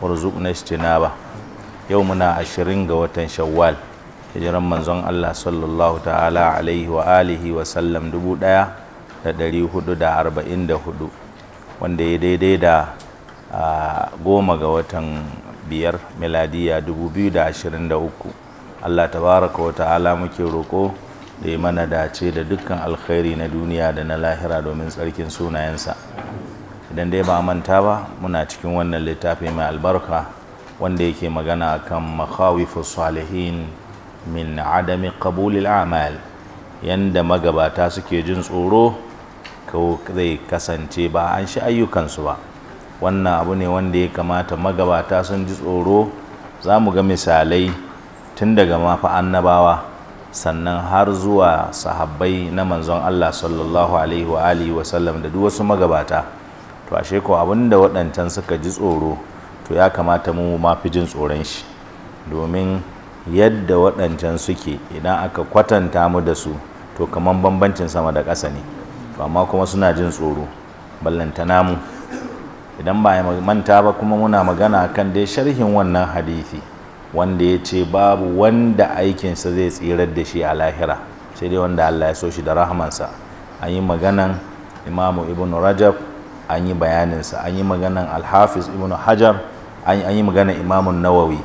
na ba yau muna ashirin ga watan shawwal hijiran manzon Allah sallallahu ta'ala alaihi wa alihi wa sallam dubu ɗaya da ɗari hudu da arba'in da hudu wanda ya daidai da goma ga watan biyar miladiya dubu biyu da ashirin da uku Allah tabaraka wa ta'ala muke roƙo da yi mana dace da dukkan alkhairi na duniya da na lahira domin tsarkin sunayensa idan dai ba manta ba muna cikin wannan littafi mai albarka wanda yake magana kan makhawifu salihin min adami qabulil amal yanda magabata suke jin tsoro ko zai kasance ba an shi ayyukansu ba wannan abu ne wanda ya kamata magabata sun ji tsoro za mu ga misalai tun daga mafi annabawa sannan har zuwa sahabbai na manzon Allah sallallahu alaihi wa alihi wa da duk wasu magabata to ashe ko abinda waɗancan suka ji tsoro to ya kamata mu ma fi jin tsoron shi domin yadda waɗancan suke idan aka kwatanta mu da su to kamar bambancin sama da ƙasa ne to amma kuma suna jin tsoro ballanta namu idan ba ya manta ba kuma muna magana kan dai sharhin wannan hadithi wanda ya ce babu wanda aikinsa zai tsirar da shi a lahira sai dai wanda Allah ya so shi da rahamansa an yi maganan imamu ibn rajab an yi bayaninsa an yi maganan alhafiz ibn hajar an yi maganan imamun nawawi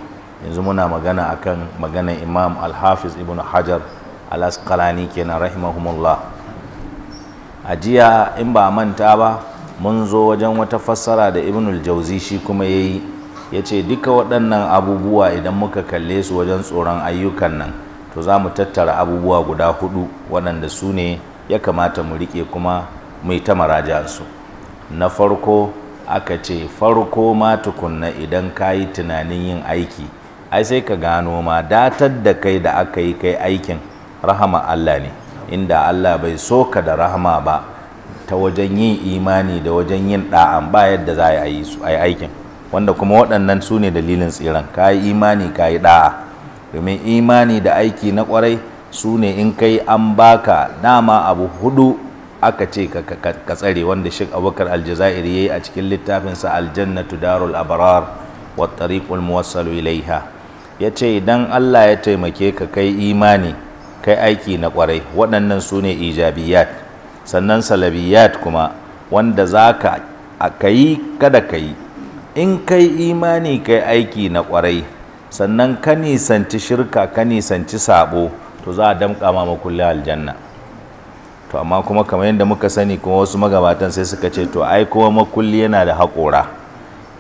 yanzu muna magana akan maganan imam alhafiz ibn hajar alaskalani kenan rahimahumullah a jiya in ba manta ba mun zo wajen wata fassara da ibn jauzi shi kuma ya yi ya ce duka waɗannan abubuwa idan muka kalle su wajen tsoron ayyukan nan to za mu tattara abubuwa guda hudu waɗanda su ne ya kamata mu riƙe kuma mu yi ta marajansu na farko aka ce farko ma tukunna idan ka yi tunanin yin aiki ai sai ka gano ma datar da kai da aka yi kai aikin rahama Allah ne inda Allah bai so ka da rahama ba ta wajen yin imani da wajen yin da'an ba yadda za a yi aikin wanda kuma waɗannan su ne dalilin tsiran ka yi imani ka yi da'a domin imani da aiki na kwarai su ne in kai an baka dama abu hudu aka ce ka tsare wanda shi abokan aljazairi ya yi a cikin littafinsa aljannatu darul abarar wa tariqul muwassalu ilaiha ya ce idan allah ya taimake ka kai imani kai aiki na kwarai waɗannan su ne ijabiyat sannan salabiyat kuma wanda za ka kayi kada ka yi in kai imani kai aiki na kwarai sannan ka nisanci shirka ka nisanci sabo to za a damƙa ma makullin aljanna to amma kuma kamar yadda muka sani kuma wasu magabatan sai suka ce to ai kuma makulli yana da haƙora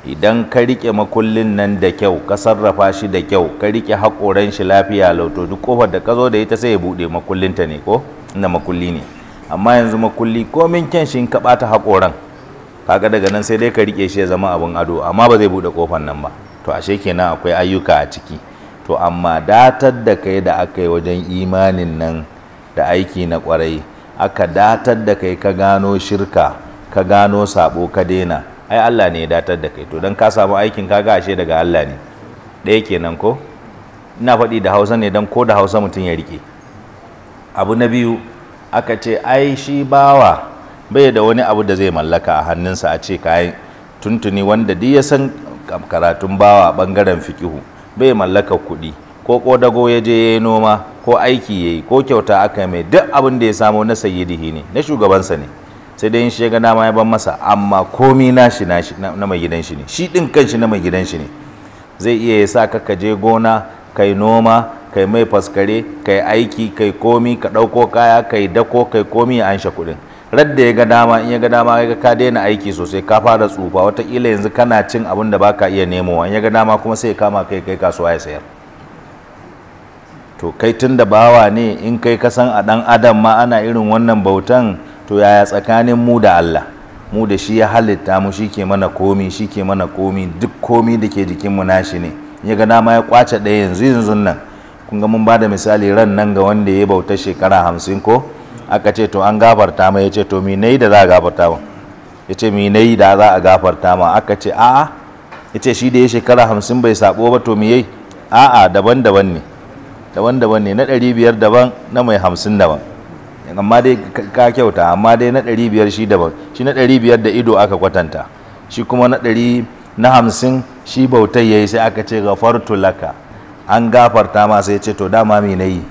idan ka riƙe makullin nan da kyau ka sarrafa shi da kyau ka riƙe haƙoran shi lafiya lauto duk ƙofar da ka zo da ita sai ya buɗe makullinta ne ko inda makulli ne amma yanzu makulli komin kyan shi in ka ɓata haƙoran kaga daga nan sai dai ka riƙe shi ya zama abin ado amma ba zai buɗe ƙofar nan ba to ashe kenan akwai ayyuka a ciki to amma datar da kai da aka yi wajen imanin nan da aiki na ƙwarai aka datar da kai ka gano shirka ka gano sabo ka daina ai Allah ne ya datar da kai to dan ka samu aikin ka ashe daga Allah ne ɗaya kenan ko ina faɗi da Hausa ne dan ko da Hausa mutum ya rike abu na biyu aka ce ai shi bawa bai da wani abu da zai mallaka a hannunsa a ce kayan tuntuni wanda duk ya san karatun bawa bangaren fikihu bai mallaka kuɗi ko kodago ya je ya yi noma ko aiki ya yi ko kyauta aka mai duk abin da ya samu na sayyidihi ne na shugabansa ne sai dai in shi ga dama ya ban masa amma komi nashi na mai gidan shi ne shi din kanshi na mai gidan shi ne zai iya ya sa ka ka je gona kai noma kai mai faskare kai aiki kai komi ka ɗauko kaya kai dako kai komi ya ansha kuɗin radda ya ga dama in ya ga dama ya ka daina aiki sosai ka fara tsufa watakila yanzu kana cin abin da baka iya nemowa in ya ga dama kuma sai ya kama kai kai kasuwa ya sayar to kai tun da bawa ne in kai kasan a ɗan adam ma ana irin wannan bautan to yaya tsakanin mu da Allah mu da shi ya halitta mu shi ke mana komi shi ke mana komi duk komi da ke jikinmu nashi ne ya ga dama ya kwace ɗaya yanzu yanzu nan kun ga mun ba da misali ran nan ga wanda ya bauta shekara hamsin ko aka ce to an gafarta ma ya ce to minai da za a gafarta ma ya ce minai da za a gafarta ma aka ce a'a ya ce shi da ya shekara hamsin bai sabo ba to miyai a'a daban-daban ne daban-daban ne na ɗari biyar daban na mai hamsin daban amma dai ka kyauta amma dai na ɗari biyar shi daban shi na ɗari biyar da ido aka kwatanta shi kuma na ɗari na hamsin shi bautai ya yi sai aka ce gafartu laka an gafarta ma sai ce to dama mai na yi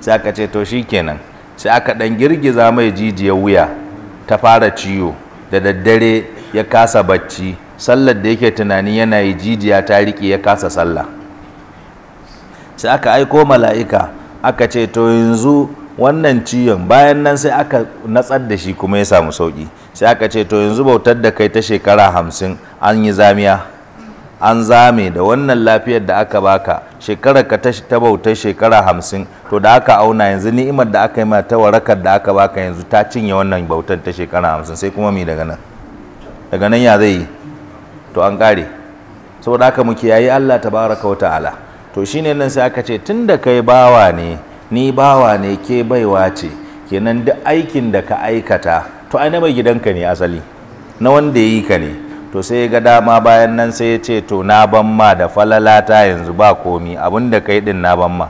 sai aka ce to shi kenan sai aka ɗan girgiza mai jijiyar wuya ta fara ciwo da daddare ya kasa bacci sallar da yake tunani yana yi jijiya ta riƙe ya kasa sallah sai aka aiko mala'ika aka ce to yanzu wannan ciyon bayan nan sai aka natsar da shi kuma ya samu sauki sai aka ce to yanzu bautar da kai ta shekara hamsin an yi zamiya an zame da wannan lafiyar da aka baka shekarar ka ta bautar shekara hamsin to da aka auna yanzu ni'imar da aka yi ma ta warakar da aka baka yanzu ta cinye wannan bautar ta shekara hamsin sai kuma mi daga nan daga nan ya zai yi to an kare saboda haka muke yayi Allah baraka wa ta'ala to shine nan sai aka ce tun da kai bawa ne ni bawa ne ke baiwa ce kenan duk aikin da ka aikata to ai na mai gidanka ne asali na wanda ya yi ka ne to sai ga dama bayan nan sai ya ce to na ban ma da falalata yanzu ba komi abin da kai din na ban ma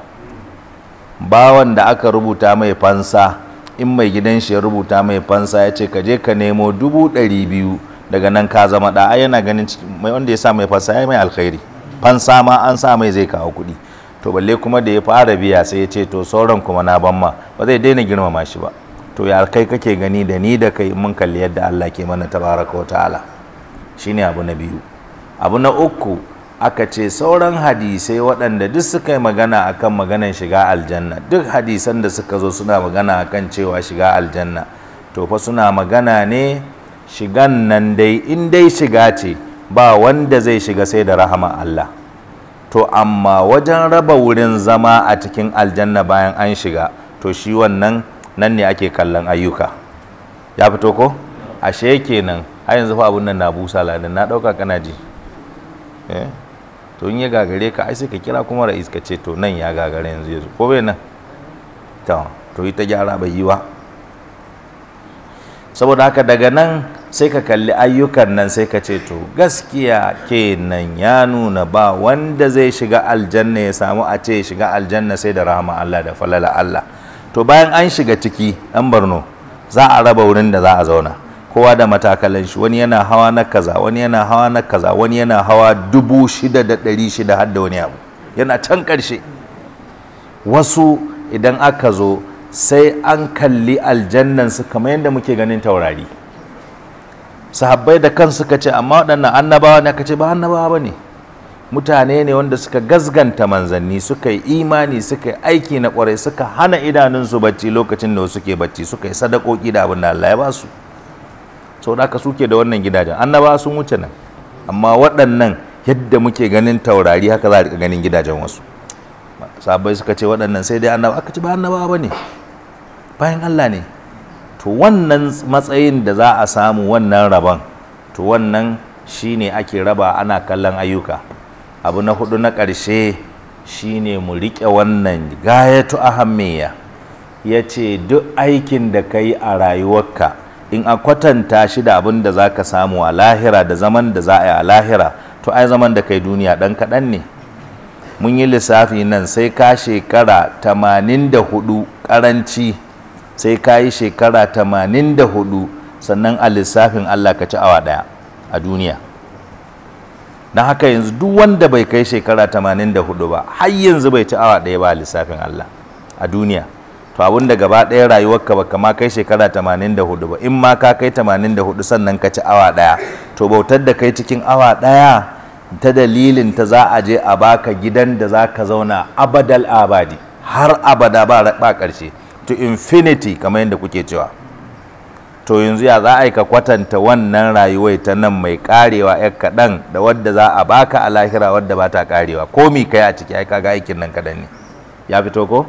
bawan da aka rubuta mai fansa in mai gidan shi ya rubuta mai fansa ya ce ka je ka nemo dubu ɗari biyu daga nan ka zama ɗaya yana ganin mai wanda ya sa mai fansa ya mai alkhairi fansa ma an sa mai zai kawo kuɗi to balle kuma da ya fara biya sai ya ce to sauran kuma na ban ma ba zai daina girmama shi ba to ya kai kake gani da ni da kai mun kalli yadda Allah ke mana tabaraka wa ta'ala shine abu na biyu abu na uku aka ce sauran hadisai waɗanda duk suka yi magana akan maganan shiga aljanna duk hadisan da suka zo suna magana akan cewa shiga aljanna to fa suna magana ne shigan nan dai in dai shiga ce ba wanda zai shiga sai da rahama Allah to amma wajen raba wurin zama a cikin aljanna bayan an shiga to shi wannan nan ne ake kallon ayyuka ya fito ko ashe kenan har yanzu fa abun nan na busa ladan na dauka kana ji eh to in ya gagare ka ai sai ka kira kuma ra'is ka ce to nan ya gagare yanzu yanzu ko bai nan to to ita gyara bai yi wa saboda haka daga nan sai ka kalli ayyukan nan sai ka ce to gaskiya kenan ya nuna ba wanda zai shiga aljanna ya samu a ce shiga aljanna sai da rahama Allah da falala Allah to bayan an shiga ciki an barno za a raba wurin da za a zauna kowa da matakalan shi wani yana hawa na kaza wani yana hawa na kaza wani yana hawa dubu shida da ɗari shida har wani abu yana can ƙarshe wasu idan aka zo sai an kalli aljannan su kamar yadda muke ganin taurari sahabbai da kan suka ce amma waɗannan annabawa ne aka ce ba annabawa ba ne mutane ne wanda suka gazganta manzanni suka yi imani suka yi aiki na ƙwarai suka hana idanunsu bacci lokacin da wasu ke bacci suka yi sadakoki da abin da Allah ya ba su sau da suke da wannan gidajen annaba sun wuce nan amma waɗannan yadda muke ganin taurari haka za a ganin gidajen wasu sabai suka ce waɗannan sai dai annaba aka ci ba annaba ba ne bayan Allah ne to wannan matsayin da za a samu wannan rabon to wannan shi ne ake raba ana kallon ayyuka abu na hudu na ƙarshe ne mu riƙe wannan gayatu ahammiya ya ce duk aikin da ka yi a rayuwarka in a kwatanta shi da abin da za ka samu a lahira da zaman da za a yi a lahira to ai zaman da kai duniya ɗan kaɗan ne mun yi lissafi nan sai ka shekara 84 ƙaranci sai ka yi shekara tamanin da hudu sannan a lissafin Allah ka ci awa daya a duniya na haka yanzu duk wanda bai kai shekara tamanin da hudu ba har yanzu bai ci awa daya ba a lissafin Allah a duniya to abin da gaba ɗaya rayuwarka ba kama kai shekara tamanin da hudu ba in ma ka kai tamanin da hudu sannan ka ci awa daya to bautar da kai cikin awa daya ta dalilin ta za a je a baka gidan da za ka zauna abadal abadi har abada ba ƙarshe to infinity kamar yadda kuke cewa to yanzu ya za a yi ka kwatanta wannan rayuwar ta nan mai karewa ya kaɗan da wadda za a baka a lahira wadda ba ta karewa ko ka kai a ciki ai kaga aikin nan kaɗan ne ya fito ko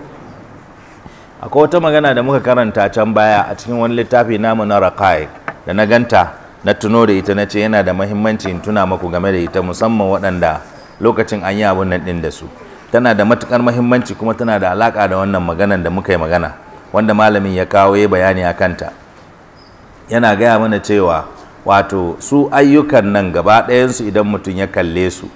akwai wata magana da muka karanta can baya a cikin wani littafi namu na rakai da na ganta na tuno da ita na ce yana da mahimmanci in tuna maku game da ita musamman waɗanda lokacin an yi abun nan ɗin da su tana da matukar mahimmanci kuma tana da alaƙa da wannan maganar da muka yi magana wanda malamin ya kawo ya bayani a kanta yana gaya mana cewa wato su ayyukan nan gaba ɗayansu idan mutum ya kalle su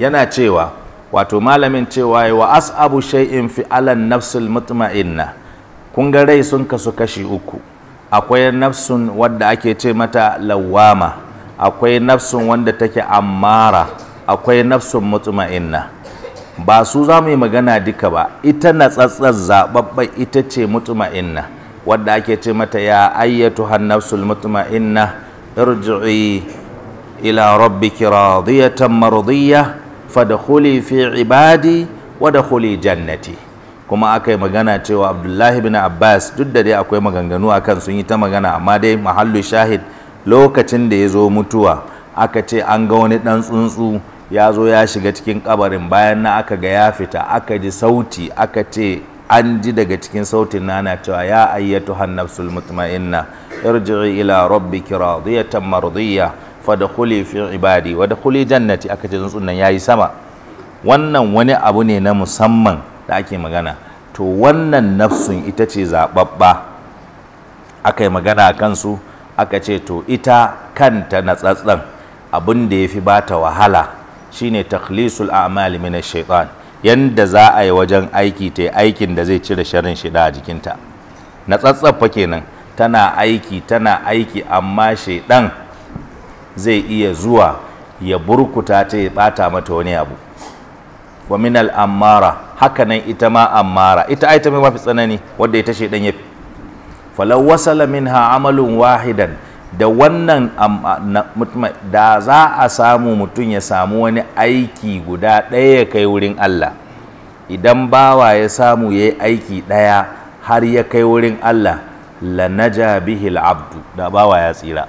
yana cewa wato malamin cewa wa as'abu shay'in fi alan nafsul mutma'inna kun ga rai sun kasu kashi uku akwai nafsun wadda ake ce mata lawama akwai nafsun wanda take ammara akwai nafsun mutma'inna ba su za mu yi magana duka ba ita na tsatsar zaɓaɓɓe, ita ce mutuma'inna wadda ake ce mata ya ayyatu hannafsul mutuma'inna irji'i ila rabbiki radiyatan mardiyya fadkhuli fi ibadi wa dakhuli jannati kuma aka yi magana cewa abdullahi bin abbas duk da dai akwai maganganu akan sun yi ta magana amma dai mahallu shahid lokacin da ya zo mutuwa aka ce an ga wani ɗan tsuntsu ya zo ya shiga cikin kabarin bayan na aka ga ya fita aka ji sauti aka ce an ji daga cikin sautin nana cewa ya ayyatu hannafsul mutma'inna irji'i ila rabbiki radiyatan fada fadkhuli fi ibadi kuli jannati aka ce tsuntsun nan yayi sama wannan wani abu ne na musamman da ake magana to wannan nafsun ita ce zababba aka yi magana a kansu aka ce to ita kanta natsatsan abin da ya fi bata wahala shine takhlisul a'mali min ash-shaytan yanda za a yi wajen aiki ta aikin da zai cire sharrin shida a jikinta na tsatsafa kenan tana aiki tana aiki amma shaidan zai iya zuwa ya burkuta ta ya bata mata wani abu wa min al hakanan ita ma ammara ita ai ta mafi tsanani wanda ita shaidan ya falau wasala minha amalun wahidan da wannan da za a samu mutum ya samu wani aiki guda ɗaya ya kai wurin Allah idan bawa ya samu ya yi aiki ɗaya har ya kai wurin Allah lanajabihil bihil abdu da bawa ya tsira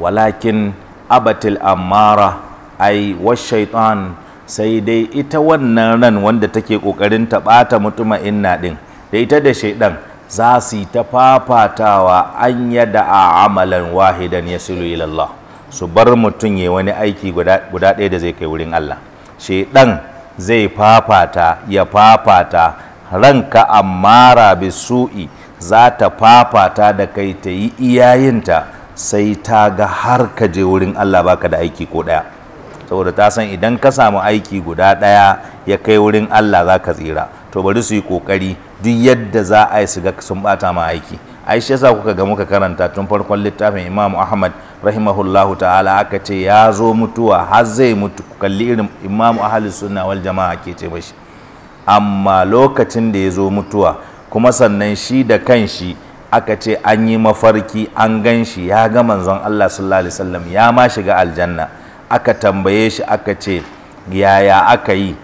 walakin abatil amara ai shaitan sai dai ita wannan ran wanda take ƙoƙarin ta ɓata mutuma inna ɗin da ita da shaidan za su yi ta fafatawa an yada a amalan wahidan ya sulu ilallah su bar mutum ya wani aiki guda ɗaya da zai kai wurin Allah shaidan zai fafata ya fafata ranka amara bisu'i za ta fafata da kai ta yi iyayinta sai ta ga har ka je wurin Allah baka da aiki ko ɗaya saboda ta san idan ka samu aiki guda ɗaya ya kai wurin Allah za ka tsira to bari su yi ƙoƙari duk yadda za a yi su ga sun bata ma aiki aisha shi yasa kuka ga muka karanta tun farkon littafin Imam Ahmad rahimahullahu ta'ala aka ce ya zo mutuwa har zai mutu ku kalli irin Imam Ahlus Sunna wal Jama'a ke ce mashi amma lokacin da ya zo mutuwa kuma sannan shi da kanshi aka ce an yi mafarki an gan shi ya ga manzon Allah sallallahu alaihi wasallam ya ma shiga aljanna aka tambaye shi aka ce yaya aka yi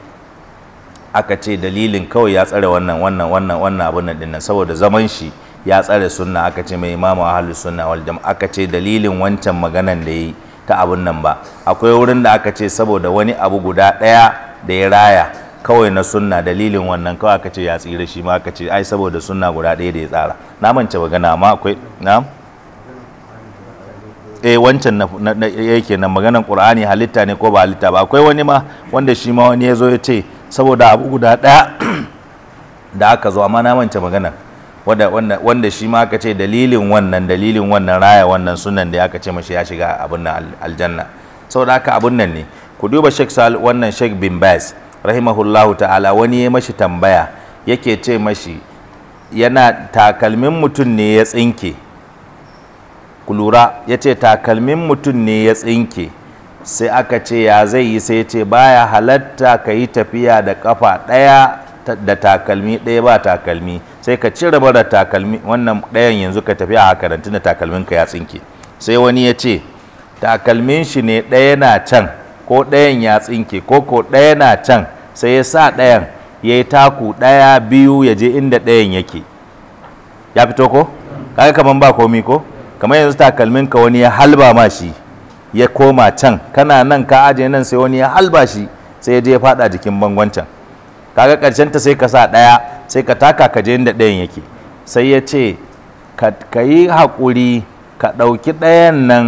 aka ce dalilin kawai ya tsare wannan wannan wannan wannan abin nan dinnan saboda zaman shi ya tsare sunna aka ce mai imamu ahli sunna wal jama'a aka ce dalilin wancan maganan da yi ta abin nan ba akwai wurin da aka ce saboda wani abu guda daya da ya raya kawai na sunna dalilin wannan kawai aka ce ya tsira shi ma aka ce ai saboda sunna guda daya da ya tsara na mance magana amma akwai na eh wancan na yake nan maganan qur'ani halitta ne ko ba halitta ba akwai wani ma wanda shi ma wani ya zo ya ce saboda abu guda ɗaya da aka zo amma na manta magana wanda shi ma aka ce dalilin wannan dalilin wannan raya wannan sunan da aka ce mashi ya shiga abin nan aljanna saboda haka abin nan ne ku duba shek Sal wannan shek bin bas rahimahullahu ta'ala wani ya mashi tambaya yake ce mashi yana takalmin mutum ne ya tsinke ku lura ya ce takalmin mutum ne ya tsinke sai aka ce ya zai yi sai ce baya halatta ka yi tafiya da kafa ɗaya da takalmi ɗaya ba takalmi sai ka cire bara takalmi wannan ɗayan yanzu ka tafiya a karantun da ka ya tsinke sai wani ya ce takalmin shi ne ɗaya na can ko ɗayan ya tsinke ko ko ɗaya na can sai ya sa ɗayan ya yi taku ɗaya biyu ya je inda ɗayan yake ya fito ko kaga kaman ba komi ko kamar yanzu takalmin ka wani ya halba ma shi ya koma can kana nan ka aje nan sai wani ya halba shi sai ya je ya fada jikin bangon can kaga karshen ta sai ka sa daya sai ka taka ka je inda dayan yake sai ya ce ka yi hakuri ka ɗauki ɗayan nan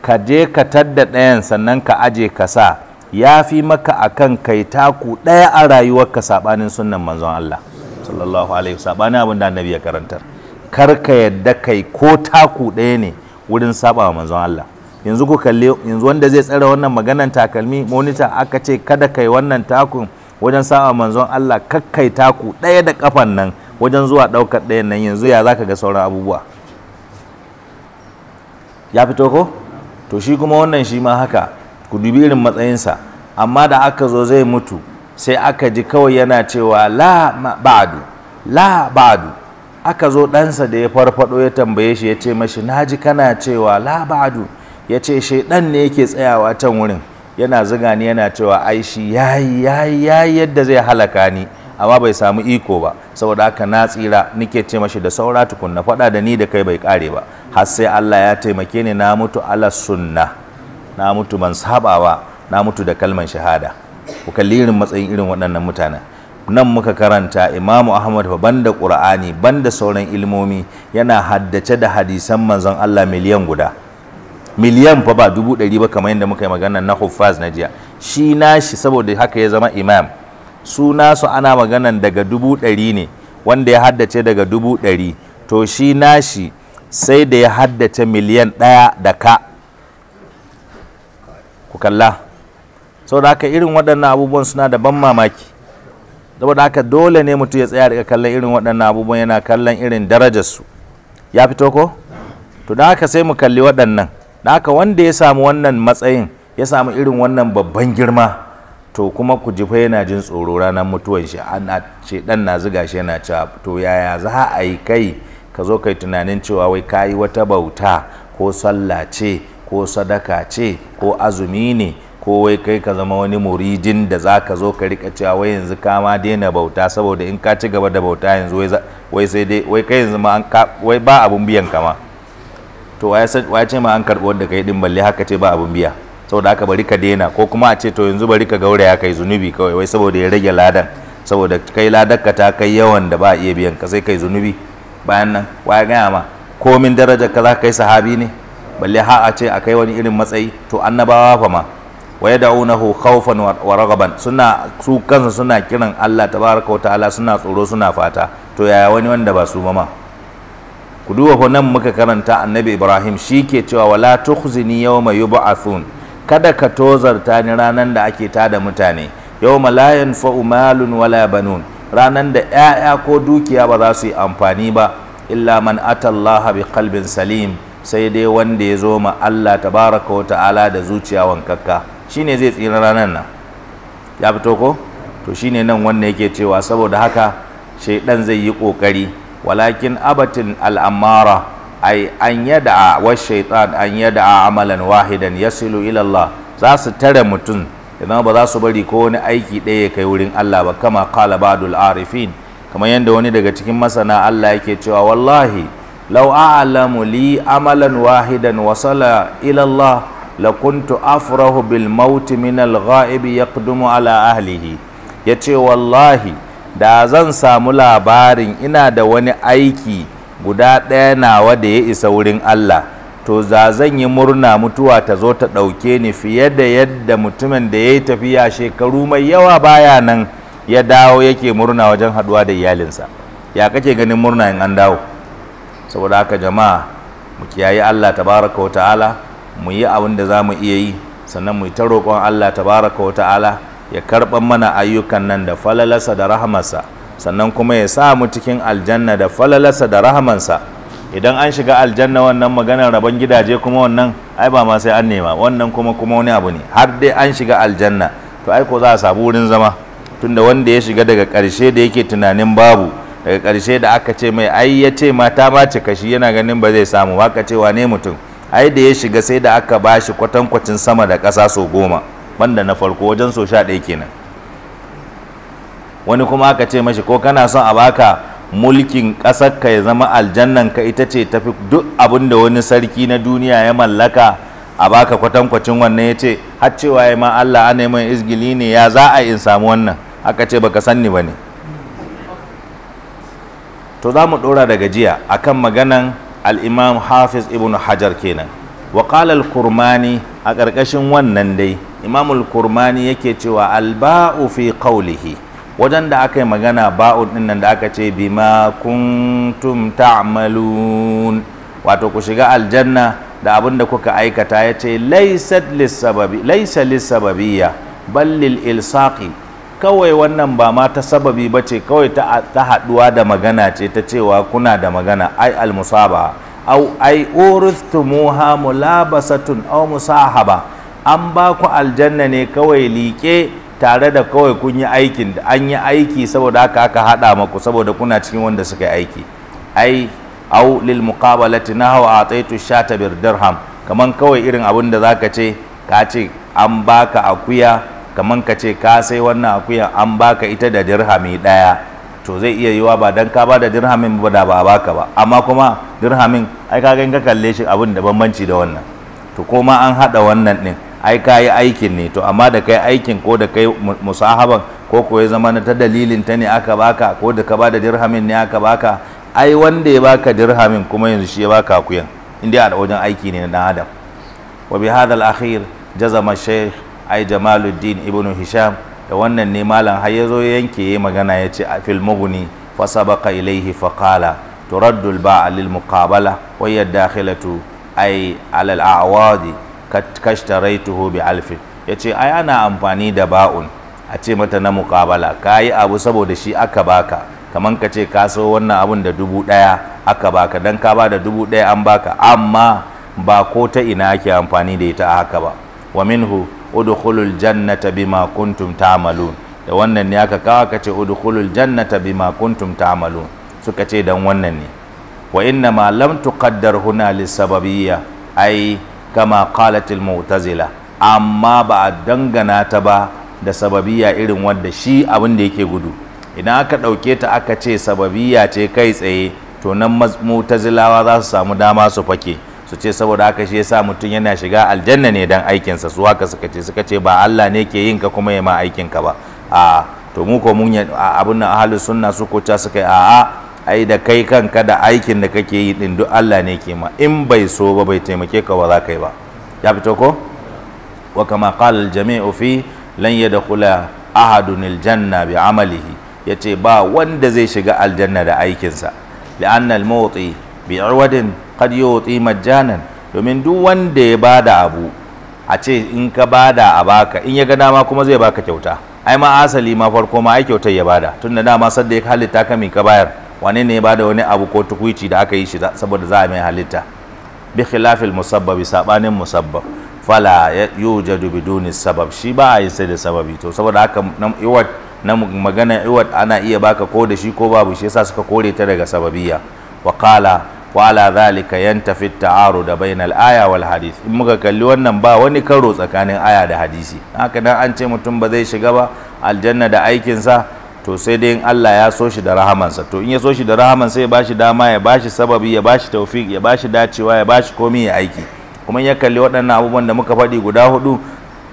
ka je ka tadda ɗayan sannan ka aje ka sa ya fi maka akan kai taku ɗaya a rayuwarka sabanin sunnan manzon Allah sallallahu alaihi saɓanin abin da annabi ya karantar kar ka yadda kai ko taku ɗaya ne wurin saɓa manzon Allah yanzu ku kalle yanzu wanda zai tsare wannan maganan takalmi monita aka ce kada kai wannan takun wajen sa'a manzon Allah kakkai taku ɗaya da kafan nan wajen zuwa ɗaukar ɗayan nan yanzu ya zaka ga sauran abubuwa ya fito ko to shi kuma wannan shi ma haka ku dubi irin matsayinsa amma da aka zo zai mutu sai aka ji kawai yana cewa la ba'du la ba'du aka zo ɗansa da ya farfaɗo ya tambaye shi ya ce mashi naji kana cewa la ba'du ya ce shaidan ne yake tsayawa can wurin yana ziga ni yana cewa Aishi shi yayi yayi yayi yadda zai halaka ni amma bai samu iko ba saboda haka na tsira nike ce mashi da saura tukunna faɗa da ni da kai bai kare ba har sai Allah ya taimake ni na mutu ala sunna na mutu man sabawa, na mutu da kalman shahada ku kalli irin matsayin irin waɗannan mutanen nan muka karanta Imamu Ahmad fa banda Qur'ani banda sauran ilmomi yana haddace da hadisan manzon Allah miliyan guda miliyan fa ba dubu ɗari ba kamar yadda muka yi magana na huffaz na jiya shi nashi saboda haka ya zama imam su nasu ana maganan daga dubu ɗari ne wanda ya haddace daga dubu ɗari to shi nashi sai da ya haddace miliyan ɗaya da ka ku kalla saboda haka irin waɗannan abubuwan suna da ban mamaki saboda haka dole ne mutum ya tsaya daga kallon irin waɗannan abubuwan yana kallon irin darajarsu ya fito ko to don haka sai mu kalli waɗannan da haka wanda ya samu wannan matsayin ya samu irin wannan babban girma to kuma ku jifa yana jin tsoro ranar mutuwar shi ana ce dan na ziga shi yana cewa to yaya za a yi kai ka zo kai tunanin cewa wai ka yi wata bauta ko sallah ce ko sadaka ce ko azumi ne ko wai kai ka zama wani muridin da za ka zo ka rika cewa wai yanzu ka ma daina bauta saboda in ka ci gaba da bauta yanzu wai sai dai wai kai yanzu ma wai ba abun biyan kama to ya ce ma an karɓi wanda kai din balle haka ce ba abin biya saboda haka bari ka dena ko kuma a ce to yanzu bari ka ya kai zunubi kawai wai saboda ya rage ladan saboda kai ladan ka ta kai yawan da ba a iya biyan ka sai kai zunubi bayan nan ya gaya ma komin darajar ka za kai sahabi ne balle ha a ce a kai wani irin matsayi to annabawa fa ma wa yad'unahu khawfan wa ragaban suna su kansu suna kiran Allah tabaraka wa ta'ala suna tsoro suna fata to yaya wani wanda ba su ma ku duba nan muka karanta annabi ibrahim shi ke cewa wala tukhzini yawma yub'athun kada ka tozarta ni ranan da ake tada mutane yawma la yanfa'u malun wala banun ranan da 'ya'ya ko dukiya ba za su yi amfani ba illa man atallaha bi qalbin salim sai dai wanda ya zo ma Allah tabaraka wa ta'ala da zuciya wankakka shine zai tsira ranan nan ya fito ko to shine nan wanda yake cewa saboda haka shaidan zai yi kokari walakin abatin al'amara ai an yada wa shaitan an yada amalan wahidan yasilu ila Allah za su tare mutum idan ba za su bari ko wani aiki ɗaya ya kai wurin Allah ba kama qala badul arifin kamar yadda wani daga cikin masana Allah yake cewa wallahi lau a'lamu li amalan wahidan wasala ilallah la kuntu afrahu bil maut min al ghaibi yaqdumu ala ahlihi yace wallahi da zan samu labarin ina da wani aiki guda ɗaya nawa da ya isa wurin Allah to za zan yi murna mutuwa ta zo ta ɗauke ni fiye da yadda mutumin da ya yi tafiya shekaru mai yawa baya nan ya dawo yake murna wajen haɗuwa da iyalinsa ya kake ganin murna in an dawo saboda haka jama'a mu kiyaye Allah tabaraka wa ta'ala mu yi abin da za mu iya yi sannan mu yi ta roƙon Allah tabaraka wa ta'ala ya karɓar mana ayyukan nan da falalasa da rahamarsa sannan kuma ya sa mu cikin aljanna da falalasa da rahamansa idan an shiga aljanna wannan maganar rabon gidaje kuma wannan ai ba ma sai an nema wannan kuma kuma wani abu ne har dai an shiga aljanna to ai ko za a sabu wurin zama tunda wanda ya shiga daga karshe da yake tunanin babu daga karshe da aka ce mai ai ya ce mata ba ce kashi yana ganin ba zai samu ba ka ce wane mutum ai da ya shiga sai da aka ba shi kwatankwacin sama da ƙasa sau goma banda na farko wajen so sha ɗaya kenan wani kuma aka ce mashi ko kana son a baka mulkin ƙasar ka ya zama aljannan ka ita ce tafi duk abin da wani sarki na duniya ya mallaka a baka kwatankwacin wannan ya ce har cewa ya ma Allah an neman izgili ne ya za a in samu wannan aka ce baka sanni ba ne to za mu ɗora daga jiya akan maganan al'imam hafiz ibn hajar kenan wa kurmani a ƙarƙashin wannan dai imamul kurmani yake cewa alba'u fi qawlihi wajen da aka yi magana ba'u din nan da aka ce bima kuntum ta'malun wato ku shiga aljanna da abin da kuka aikata ya ce laisa lissababiyya bal lil ilsaqi kawai wannan ba ma ta sababi ba ce kawai ta haɗuwa da magana ce ta cewa kuna da magana ai almusaba au ai uristumuha mulabasatun au musahaba an ba ku aljanna ne kawai liƙe tare da kawai kun yi aikin da an yi aiki saboda haka aka haɗa maku saboda kuna cikin wanda suka yi aiki ai au lil muqabalati nahwa ataitu shata bir dirham kaman kawai irin abin da zaka ce ka ce an baka akuya kaman ka ce ka sai wannan akuya an baka ita da dirhami daya to zai iya yiwa ba dan ka ba da dirhamin ba da ba baka ba amma kuma dirhamin ai ka ga kalle shi abin da bambanci da wannan to koma an haɗa wannan din ai ka yi aikin ne to amma da kai aikin ko da kai musahaban ko ko ya zama ta dalilin ta ne aka baka ko da ka bada dirhamin ne aka baka ai wanda ya baka dirhamin kuma yanzu shi ya baka akuyan inda a wajen aiki ne na dan adam wa bi hadal akhir jazama shaykh ai jamaluddin ibnu hisham da wannan ne malam har yazo yanke yayi magana yace a fil mughni fa sabaqa ilayhi fa qala turaddu al ba'a lil muqabala wa hiya dakhilatu ai ala al a'wadi kashtaraituhu bi alfin yace ai ana amfani da ba'un a ce mata na muqabala kayi abu saboda shi aka baka kaman ka ce ka so wannan abun da dubu daya aka baka dan ka ba da dubu daya an baka amma ba ko ta ina ake amfani da ita haka ba wa minhu udkhulul jannata bima kuntum ta'malun da wannan ne aka kawo ka ce udkhulul jannata bima kuntum ta'malun suka ce dan wannan ne wa inna ma lam tuqaddar huna lisababiyya ai kama qalatil mu'tazila amma ba a dangana ta ba da sababiya irin wanda shi abin da yake gudu idan aka ɗauke ta aka ce sababiya ce kai tsaye to nan mu'tazilawa za su samu dama su fake su ce saboda haka shi yasa mutum yana shiga aljanna ne dan aikinsa su haka suka ce suka ce ba Allah ne ke yin ka kuma ya ma aikin ka ba a to mu ko mun abin nan ahlus sunna su ko ta suka yi a'a ai da kai kanka da aikin da kake yi din duk Allah ne ke ma in bai so ba bai taimake ka ba za ka ba ya fito ko wa kama qala al jami'u fi lan yadkhula ahadun al janna bi amalihi yace ba wanda zai shiga aljanna da aikinsa li'anna al muti bi irwadin qad yuti majanan domin duk wanda ya bada abu a ce in ka bada abaka in ya ga dama kuma zai baka kyauta ai ma asali ma farko ma ai kyautar ya bada tunda dama sadda ya halitta ka mi ka bayar wane ne ba da wani abu ko tukwici da aka yi shi saboda za a mai halitta bi khilafil musabbabi sabanin musabbab fala yujadu biduni sabab shi ba a yi sai da sababi to saboda haka iwat na magana iwat ana iya baka ko da shi ko babu shi yasa suka kore ta daga sababiyya wa qala wa ala zalika yantafi ta'arud bainal aya wal hadith in muka kalli wannan ba wani karo tsakanin aya da hadisi haka dan an ce mutum ba zai shiga ba aljanna da aikin sa to sai dai in Allah ya so shi da rahamansa to in ya so shi da rahaman sai ya bashi dama ya bashi sababi ya bashi taufik ya bashi dacewa ya bashi komai ya aiki kuma ya kalli waɗannan abubuwan da muka faɗi guda hudu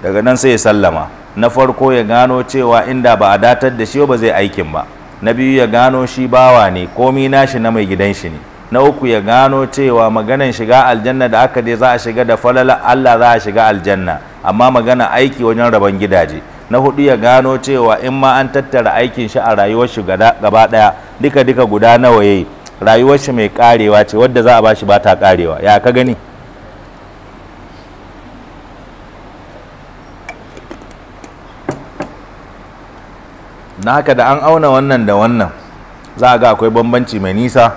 daga nan sai ya sallama na farko ya gano cewa inda ba a datar da shi ba zai aikin ba na biyu ya gano shi bawa ne komi nashi na mai gidan shi ne na uku ya gano cewa maganan shiga aljanna da aka dai za a shiga da falala Allah za a shiga aljanna amma magana aiki wajen rabon gidaje na hudu ya gano cewa in ma an tattara aikin shi a rayuwar shi gaba daya duka duka guda nawa yayi rayuwar shi mai karewa ce wadda za a bashi ba ta karewa ya ka gani na haka da an auna wannan da wannan za a ga akwai bambanci mai nisa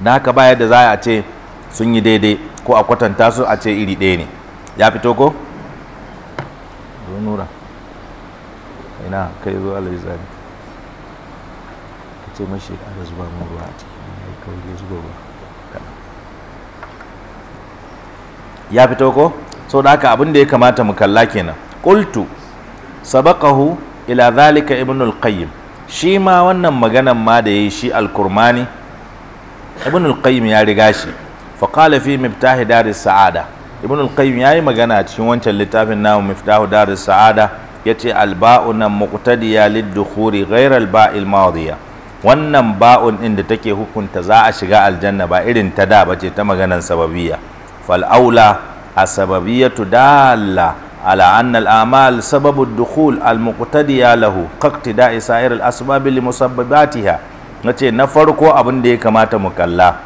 na haka ba yadda za a ce sun yi daidai ko a kwatanta su a ce iri ɗaya ne ya fito ko? zo ina kai zuwa ce mashi ya ƙara zuba mun a ciki ya kawai zuba ruwa ya fito ko so da haka abin da ya kamata mu kalla kenan qultu sabaqahu ila zalika ibnul qayyim shi ma wannan maganan ma da yayi shi Alkurmani. Ibn ibnul ya riga shi fa qala fi miftahi daris sa'ada ibn al-qayyim yayi magana cikin wancan littafin namu miftahu darus sa'ada yace al-ba'u nan muqtadiya lid-dukhuri ghayra al-ba'il madiya wannan ba'un din da take hukunta za a shiga aljanna ba irin ta da bace ta maganan sababiyya fal aula asbabiyatu dalla ala anna al-amal sababu ad-dukhul al-muqtadiya lahu qaqtida'i sa'ir al-asbab li musabbabatiha nace na farko abin da ya kamata mu kalla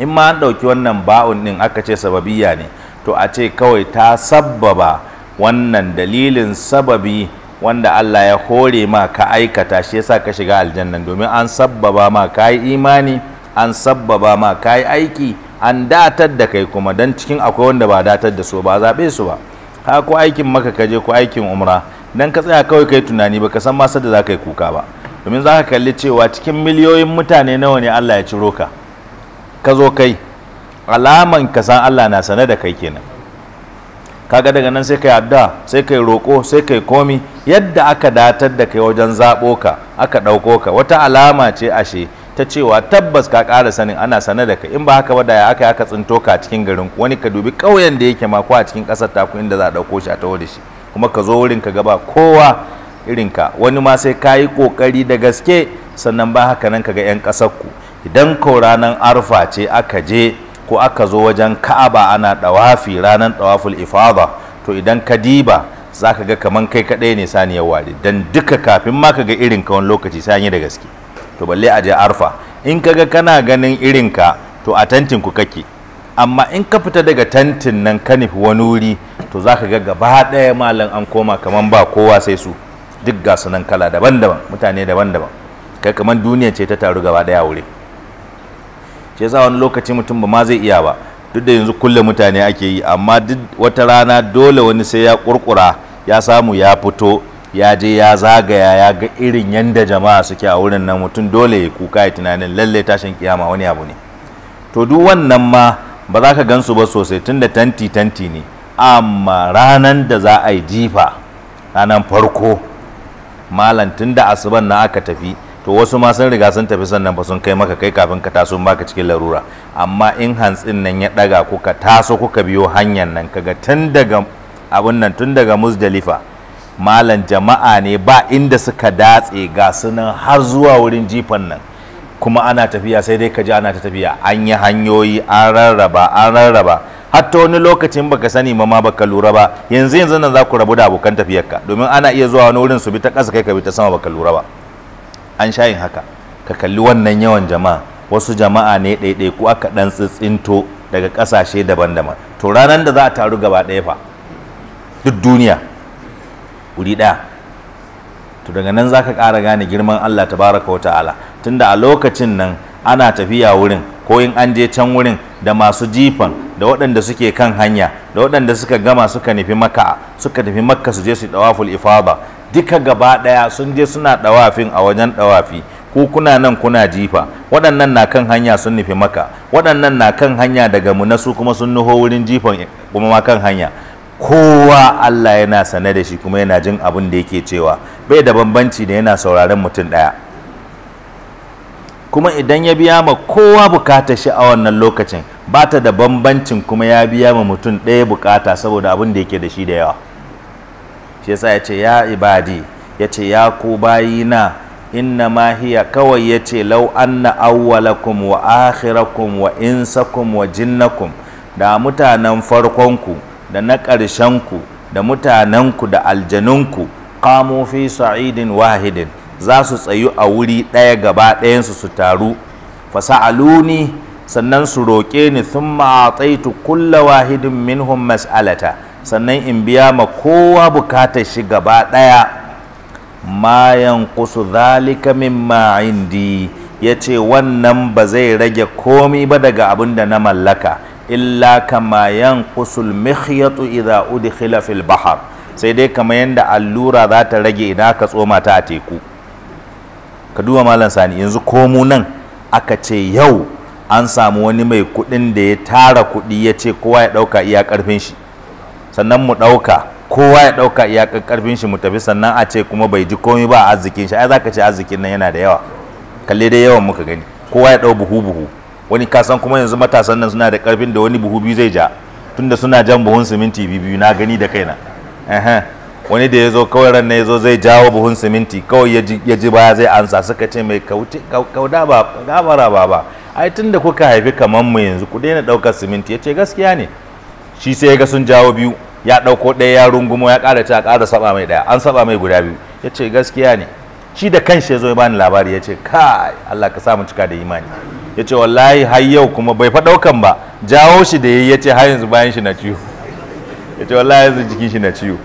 in ma an ɗauki wannan ba'un din aka ce sababiyya ne to a ce kawai ta sabbaba wannan dalilin sababi wanda Allah ya hore ma ka aikata shi yasa ka shiga aljanna domin an sabbaba ma ka yi imani an sabbaba ma ka yi aiki an datar da kai kuma dan cikin akwai wanda ba datar da su ba zaɓe su ba ka ko aikin maka ka je ko aikin umra dan ka tsaya kawai kai tunani ba ka san ma da za ka yi kuka ba domin zaka kalli cewa cikin miliyoyin mutane nawa ne Allah ya ciro ka ka zo kai alaman ka san Allah na sane da kai kenan kaga daga nan sai kai adda sai kai roko sai kai komi yadda aka datar da kai wajen zabo ka aka dauko ka wata alama ce ashe ta cewa tabbas ka ƙara sanin ana sane da kai in ba haka ba da ya aka aka tsinto ka a cikin garin wani ka dubi ƙauyen da yake ma ko a cikin ƙasar taku inda za a ɗauko shi a taho da shi kuma ka zo wurin ka gaba kowa irin ka wani ma sai ka kokari da gaske sannan ba haka nan ka ga 'yan ƙasar ku idan ko ranar arfa ce aka je ko aka zo wajen ka'aba ana ɗawafi ranar ɗawaful ifada to idan ka diba za ka ga kaman kai kaɗai ne saniyar wari dan duka kafin ma ka ga irin ka wani lokaci sanyi da gaske to balle a je arfa in ka ga kana ganin irin ka to a tantin ku kake amma in ka fita daga tantin nan ka nufi wani wuri to za ka ga gaba ɗaya malam an koma kaman ba kowa sai su duk ga nan kala daban-daban mutane daban-daban kai kaman duniya ce ta taru gaba ɗaya wuri shi yasa wani lokaci mutum ba ma zai iya ba duk da yanzu kulle mutane ake yi amma duk wata rana dole wani sai ya kurkura ya samu ya fito ya je ya zagaya ya ga irin yanda jama'a suke a wurin nan mutum dole ya kuka ya tunanin lalle tashin kiyama wani abu ne to duk wannan ma ba za ka gansu ba sosai tunda tanti tanti ne amma ranan da za a yi jifa ranan farko malam tun da asuban na aka tafi to wasu ma sun riga sun tafi sannan ba sun kai maka kai kafin ka taso ka cikin larura amma in hantsin nan ya daga kuka taso kuka biyo hanyar nan kaga tun daga abin nan tun daga Muzdalifa malan jama'a ne ba inda suka datse ga sunan har zuwa wurin jifan nan kuma ana tafiya sai dai ka ji ana ta tafiya an yi hanyoyi an rarraba an rarraba hatta wani lokacin baka sani ma ma baka lura ba yanzu yanzu nan za ku rabu da abokan tafiyarka domin ana iya zuwa wani wurin su bi ta kasa kai ka bi ta sama baka lura ba an sha yin haka ka kalli wannan yawan jama'a wasu jama'a ne ɗaiɗaiku aka ɗan tsintsinto daga ƙasashe daban-daban to ranar da za a taru gaba ɗaya fa duk duniya wuri ɗaya to daga nan za ka ƙara gane girman Allah ta baraka wata'ala tunda a lokacin nan ana tafiya wurin ko in an je can wurin da masu jifan da waɗanda suke kan hanya da waɗanda suka gama suka nufi maka suka tafi makka su je su dawaful ifada duka gaba ɗaya sun je suna ɗawafin a wajen ɗawafi ko kuna nan kuna jifa waɗannan na kan hanya sun nufi maka waɗannan na kan hanya daga mu su kuma sun nuho wurin jifan kuma ma kan hanya kowa Allah yana sane da shi kuma yana jin abin da yake cewa bai da bambanci da yana sauraron mutum ɗaya kuma idan ya biya ma kowa bukatar shi a wannan lokacin ba ta da bambancin kuma ya biya ma mutum ɗaya bukata saboda abin da yake da shi da yawa shi yasa ya ce ya ibadi ya ce ya ku bayina inna ma hiya kawai ya ce lau anna awwalakum wa akhirakum wa insakum wa jinnakum da mutanen farkonku da na ƙarshenku da mutanenku da aljanunku kamo fi sa'idin wahidin za su tsayu a wuri ɗaya gaba ɗayansu su taru fasa'aluni sannan su roƙe ni sun ma'atsaitu kulla wahidin minhum mas'alata sannan in biya ma kowa bukatar shi gaba ɗaya ma yanqusu zalika ma'indi Ya ce wannan ba zai rage komi ba daga abin da na mallaka illa kama yanqusul mikhyatu idza udkhila fil bahar sai dai kamar yadda allura za ta rage idan aka tsoma ta a teku ka duba malam sani yanzu komu nan aka ce yau an samu wani mai kuɗin da ya tara kuɗi ya ce kowa ya ɗauka iya ƙarfin shi sannan mu ɗauka kowa ya ɗauka iyakar karfin shi mu tafi sannan a ce kuma bai ji komai ba a arzikin shi ai za ka ce arzikin nan yana da yawa kalle dai yawan muka gani kowa ya ɗau buhu buhu wani kasan kuma yanzu matasan nan suna da karfin da wani buhu biyu zai ja tunda suna jan buhun siminti biyu na gani da kaina wani da ya zo kawai ran ya zo zai jawo buhun siminti kawai ya ji baya zai ansa suka ce mai kauda ba gabara ba ba ai tunda kuka haifi kamar mu yanzu ku daina ɗaukar siminti ya ce gaskiya ne shi sai ya ga sun jawo biyu ya ɗauko ɗaya ya rungumo ya ƙara ta ƙara saba mai ɗaya an saba mai guda biyu ya ce gaskiya ne shi da kanshi ya zo ya bani labari ya ce kai Allah ka samu cika da imani ya ce wallahi har yau kuma bai fa ɗaukan ba jawo shi da yayi ya ce har yanzu bayan shi na ciwo ya ce wallahi yanzu jikin shi na ciwo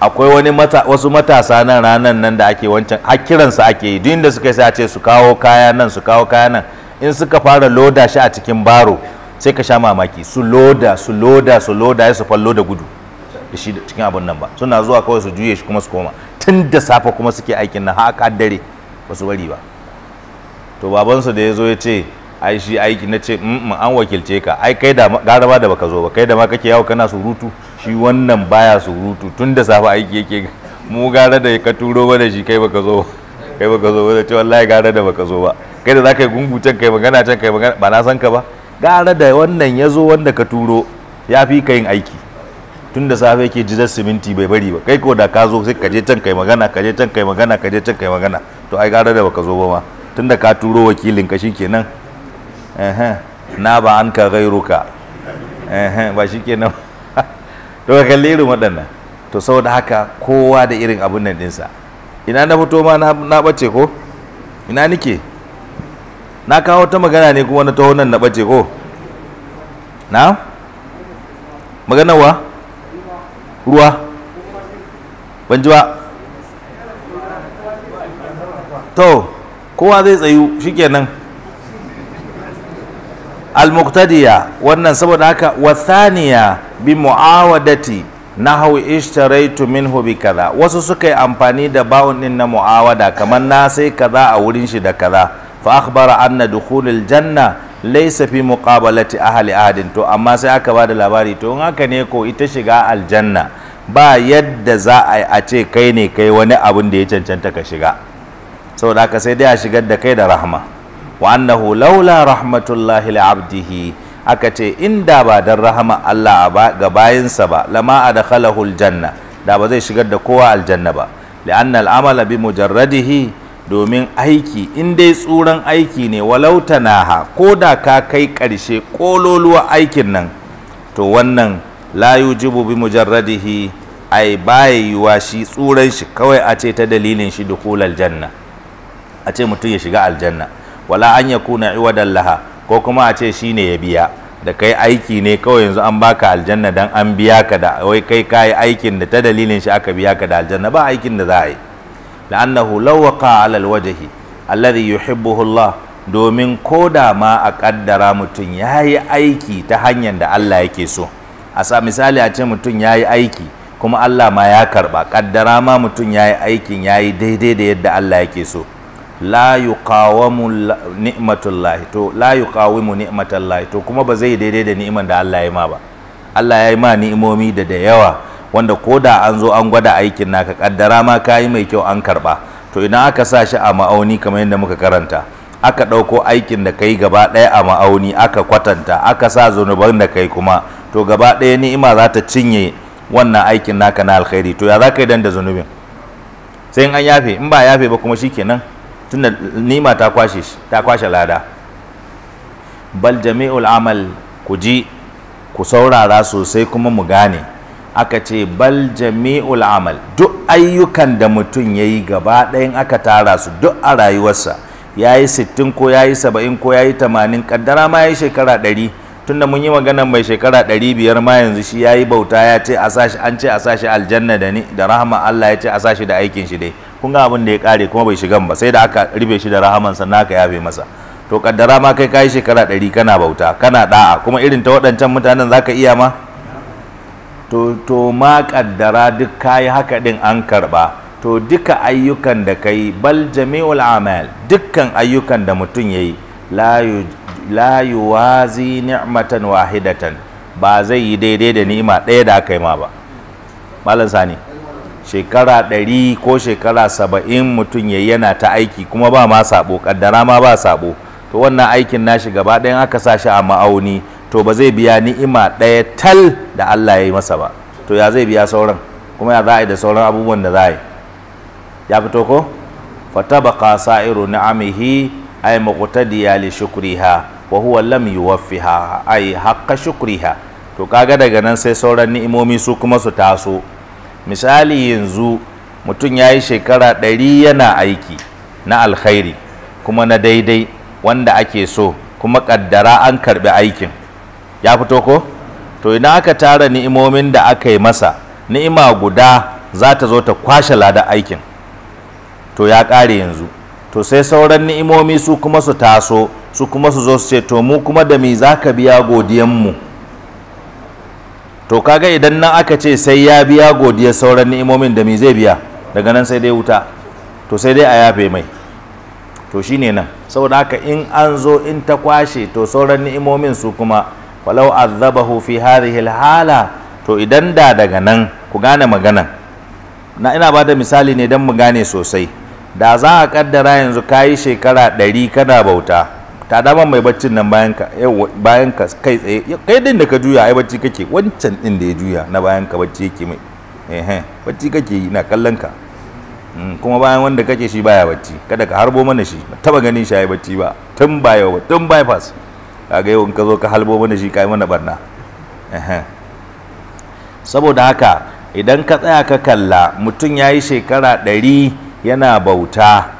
akwai wani mata wasu matasa nan ranan nan da ake wancan hakiransa ake yi duk inda suka sai a ce su kawo kaya nan su kawo kaya nan in suka fara loda shi a cikin baro sai ka sha mamaki su loda su loda su loda ya su fallo da gudu da shi cikin abin nan ba suna zuwa kawai su juye shi kuma su koma tun da safe kuma suke aikin na haka dare ba su bari ba to babansu da ya zo ya ce ai shi aiki na ce mm, mm, an wakilce ka ai kai da gara da baka zo ba kai da ma kake yawo kana surutu shi wannan baya surutu tun da safe aiki yake mu gara da ka turo ba da shi kai baka zo kai baka zo ba da ce wallahi gara da baka zo ba kai da za ka yi gungu can kai magana can kai magana ba na san ka ba gara da wannan ya zo wanda ka turo ya fi ka yin aiki tun da safe ke jidar siminti bai bari ba kai ko da ka zo sai ka je can kai magana ka je can kai magana ka je can kai magana to ai gara da baka zo ba ma tun da ka turo wakilin ka shikenan na ba an ka gairuka ba shikenan to ka kalli irin waɗannan to saboda haka kowa da irin abun nan dinsa ina na fito ma na bace ko ina nike na kawo ta magana ne kuma na taho nan na ɓace ko oh. na magana wa ruwa ban ji ba to kowa zai tsayu shikenan al-muqtadiya wannan saboda haka wasaniya bi mu'awadati nahaw ishtaraitu minhu bi kaza wasu suka yi amfani da bawon din na mu'awada kamar na sai kaza a wurin shi da kaza fa akhbara anna dukhulul janna laysa fi muqabalati ahli ahadin to amma sai aka bada labari to in haka ne ko ita shiga aljanna ba yadda za a ce kai ne kai wani abin da ya cancanta ka shiga saboda haka sai dai a shigar da kai da rahma wa annahu laula rahmatullahi li abdihi aka ce inda ba dan rahama Allah ga bayinsa ba lama adkhalahu janna da ba zai shigar da kowa aljanna ba li'anna amala bi mujarradihi domin aiki in dai tsuran aiki ne walau tanaha ko da ka kai ƙarshe ƙololuwa aikin nan to wannan layu jibu bi mujarradihi ai baya wa shi tsuran shi kawai a ce ta dalilin shi dukul aljanna a ce mutum ya shiga aljanna wala an ya kuna iwadan laha ko kuma a ce shi ne ya biya da kai aiki ne kawai yanzu an baka aljanna dan an biya ka da wai kai kayi aikin da ta dalilin shi aka biya ka da aljanna ba aikin da za a yi la'annahu lauwaka alal wajahi, alladhi yuhibbuhu Allah domin ko da ma a ƙaddara mutum yayi aiki ta hanyar da Allah yake so asa misali a ce mutum yayi aiki kuma Allah ma ya karɓa, ƙaddara ma mutum yayi aikin yayi daidai da yadda Allah yake so la yuqawamu ni'matullahi to la kuma ba zai daidai da ni'iman da Allah ya ma ba Allah ya yi ma ni'imomi da da yawa wanda ko da an zo an gwada aikin naka kaddara ma kayi mai kyau an karba to idan aka sa shi a ma'auni kamar yadda muka karanta aka ɗauko aikin da kai gaba ɗaya a ma'auni aka kwatanta aka sa zunuban da kai kuma to gaba ɗaya ni'ima za ta cinye wannan aikin naka na alkhairi to ya za ka yi dan zunubin sai in an yafe in ba yafe ba kuma shi kenan tunda ni'ima ta kwashe ta kwashe lada bal jami'ul amal ku ji ku saurara sosai kuma mu gane aka ce bal jami'ul amal duk ayyukan da mutum ya yi gaba ɗayan aka tara su duk a rayuwarsa ya yi sittin ko ya yi saba'in ko ya yi tamanin kaddara ma ya yi shekara ɗari tunda mun yi magana mai shekara ɗari biyar ma yanzu shi ya yi bauta ya ce an ce a sashi aljanna da ni da rahama Allah ya ce a sashi da aikin shi dai kun ga abin da ya kare kuma bai shigan ba sai da aka ribe shi da rahaman sannan aka yafe masa to kaddara ma kai kayi shekara ɗari kana bauta kana da'a kuma irin ta waɗancan mutanen zaka iya ma to to ma kaddara duk kayi haka din an karba to duka ayyukan da kai bal jami'ul amal dukkan ayyukan da mutum yayi la la yuwazi ni'matan wahidatan ba zai yi daidai da ni'ima ɗaya da aka yi ma ba malam sani shekara ɗari ko shekara saba'in mutum ya yana ta aiki kuma ba ma sabo kaddara ma ba sabo to wannan aikin nashi gaba ɗayan aka sa shi a ma'auni to ba zai biya ni'ima ɗaya tal da Allah ya yi masa ba to ya zai biya sauran kuma ya za a yi da sauran abubuwan da za a yi ya fito ko fatabaqa sa'iru ni'amihi ay muqtadiya li shukriha wa huwa lam yuwaffiha ay haqqa shukriha to kaga daga nan sai sauran ni'imomi su kuma su taso misali yanzu mutum ya yi shekara ɗari yana aiki na alkhairi kuma na daidai wanda ake so kuma ƙaddara an karɓi aikin ya fito ko to ina aka tara ni'imomin da aka yi masa ni'ima guda za ta zo ta kwashe ladan aikin to ya ƙare yanzu to sai sauran ni'imomi su kuma su taso su kuma su zo su ce to mu kuma da me za ka biya godiyanmu to kaga idan nan aka ce sai ya biya godiyar sauran ni'imomin da me zai biya daga nan sai dai wuta to sai dai a yafe mai to shine nan saboda haka in an zo in ta kwashe to sauran ni'imomin su kuma falau azabahu fi hadhihi hala to idan da daga nan ku gane magana na ina ba da misali ne don mu gane sosai da za a kaddara yanzu kayi shekara ɗari kana bauta ta dama mai baccin nan bayan ka bayan ka kai tsaye kai din da ka juya ai bacci kake wancan din da ya juya na bayan ka bacci yake mai eh bacci kake yi na kallon ka mm, kuma bayan wanda kake shi baya bacci kada ka harbo mana shi taba ganin shi ai bacci ba tun baya tun bypass kaga yau in ka zo ka halbo mana shi kai mana barna saboda haka idan ka tsaya ka kalla mutum ya yi shekara ɗari yana bauta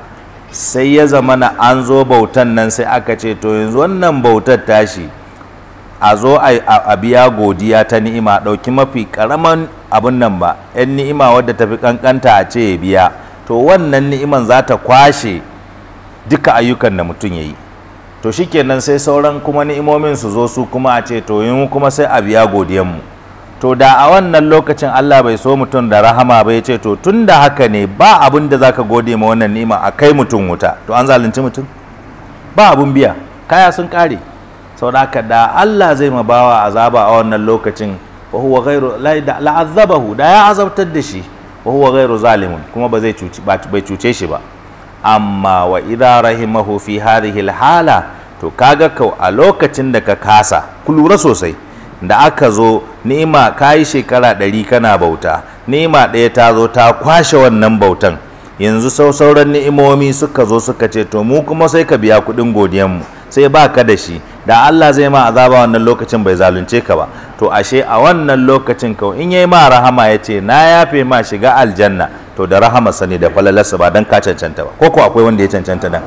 sai ya zama na an zo bautan nan sai aka ce to yanzu wannan bautar tashi a zo a biya godiya ta ni'ima ɗauki mafi ƙaraman abin nan ba 'yan ni'ima wadda tafi ƙanƙanta a ce ya biya to wannan ni'iman za ta kwashe duka ayyukan da mutum yayi. to shi shikenan sai sauran kuma ni'imomin su zo su kuma a ce to yin kuma sai a biya godiyanmu to da a wannan lokacin Allah bai so mutum da rahama ba ya ce to tun da haka ne ba abin da zaka gode ma wannan ni'ima a kai mutum wuta to an zalunci mutum ba abun biya kaya sun kare saboda haka da Allah zai ma bawa azaba a wannan lokacin wa huwa ghairu da ya azabtar da shi wa huwa ghairu zalimun kuma ba zai bai cuce shi ba amma wa idza rahimahu fi hadhihi alhala to kaga kau a lokacin da ka kasa ku sosai da aka zo ni'ima kayi shekara ɗari kana bauta ni'ima ɗaya ta zo ta kwashe wannan bautan yanzu sau sauran ni'imomi suka zo suka ce to mu kuma sai ka biya kuɗin mu sai ba ka da shi da Allah zai ma azaba wannan lokacin bai zalunce ka ba to ashe a wannan lokacin kau in yayi ma rahama ya ce na yafe ma shiga aljanna to da rahamarsa ne da falalarsa ba dan ka cancanta ba ko ko akwai wanda ya cancanta nan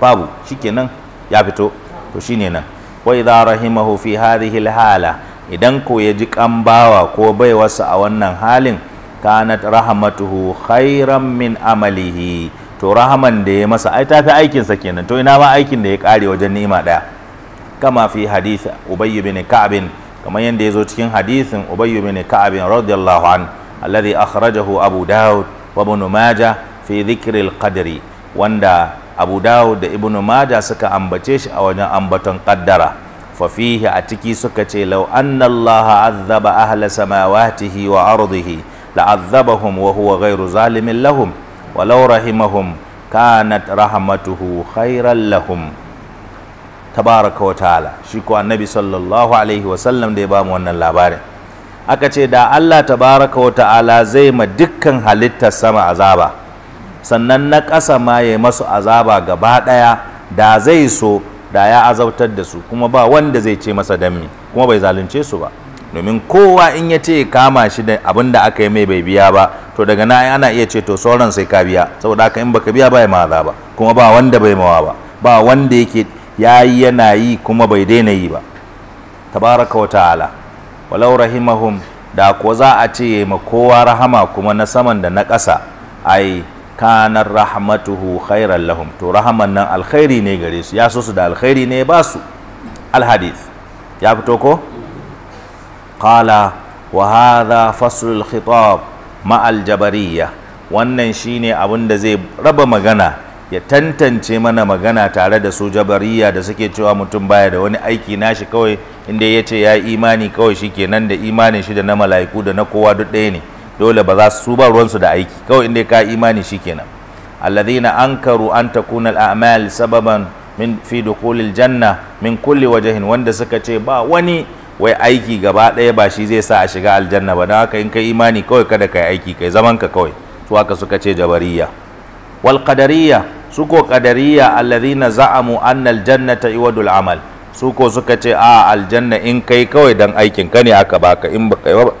babu shikenan ya fito to shine nan wa idza rahimahu fi hadhihi alhala idan ko ya ji kambawa ko bai baiwarsa a wannan halin kanat rahamatuhu khairan min amalihi to rahaman da ya masa ai tafi aikinsa kenan to ina ma aikin da ya kare wajen ni'ima daya kama fi hadith ubay bin ka'b kamar ya zo cikin hadithin ubay bin ka'b radiyallahu an alladhi akhrajahu abu daud wa ibn majah fi dhikril qadri wanda abu dawud da ibn majah suka ambace shi a wajen ambaton qaddara fa a ciki suka ce law anna allaha azzaba ahla samawatihi wa ardihi la'azzabahum wa huwa ghairu zalimin lahum wa law rahimahum kanat rahmatuhu khairan lahum tabaraka wa ta'ala shi ko annabi sallallahu alaihi wa sallam da ya bamu wannan labarin aka ce da Allah tabaraka wa ta'ala zai ma dukkan halittar sama azaba sannan na ƙasa ma ya yi masu azaba gaba ɗaya da zai so da ya azautar da su kuma ba wanda zai ce masa dammi kuma bai zalunce su ba domin kowa in ya ce kama shi da abin da aka yi mai bai biya ba to daga na ana iya ce to sauran sai ka biya saboda haka in baka biya ba ya ma azaba kuma ba wanda bai mawa ba ba wanda yake yayi yana yi kuma bai daina yi ba tabaraka wa ta'ala walau rahimahum da kuwa za a ce ma kowa rahama kuma na saman da na ƙasa ai kanar rahmatuhu khairan lahum to rahaman nan alkhairi ne gare su ya so su da alkhairi ne ba su alhadith ya fito ko qala wa hadha fasl alkhitab ma aljabariyya wannan shine abin da zai raba magana ya tantance mana magana tare da su jabariya da suke cewa mutum baya da wani aiki nashi kawai inda ya ce ya yi imani kawai shi kenan da imanin shi da na mala'iku da na kowa duk ɗaya ne dole ba za su ba ruwansu da aiki kawai inda ka imani shi kenan alladhina ankaru an takuna al'amal sababan min fi dukhulil janna min kulli wajahin wanda suka ce ba wani wai aiki gaba ɗaya ba shi zai sa a shiga aljanna ba don haka in kai imani kawai kada kai aiki kai zaman ka kawai su haka suka ce jabariya wal qadariyya su ko qadariyya alladhina za'amu anna aljannata iwadul amal su ko suka ce a aljanna in kai kawai dan aikin ka ne aka baka in baka yi ba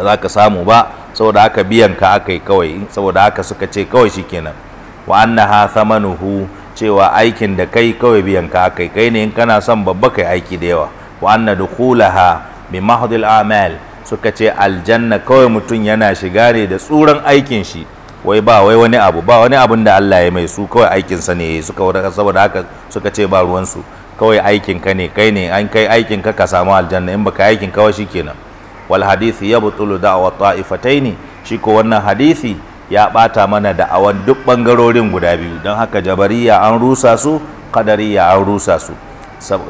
za ka samu ba saboda aka biyan ka aka yi kawai saboda haka suka ce kawai shikenan wa annaha thamanuhu cewa aikin da kai kawai biyan ka aka yi kai ne in kana son babba kai aiki da yawa wa anna dukhulaha bi mahdil amal suka ce aljanna kawai mutum yana shiga ne da tsuran aikin shi wai ba wai wani abu ba wani abun da Allah ya mai su kawai aikinsa ne suka saboda haka suka ce ba ruwansu kawai aikin ka ne kai ne an kai aikin ka ka samu aljanna in baka aikin ka shi kenan wal hadisi ya da da'wa ta'ifataini shi ko wannan hadisi ya bata mana da awan duk bangarorin guda biyu don haka jabariya an rusa su kadariya an rusa su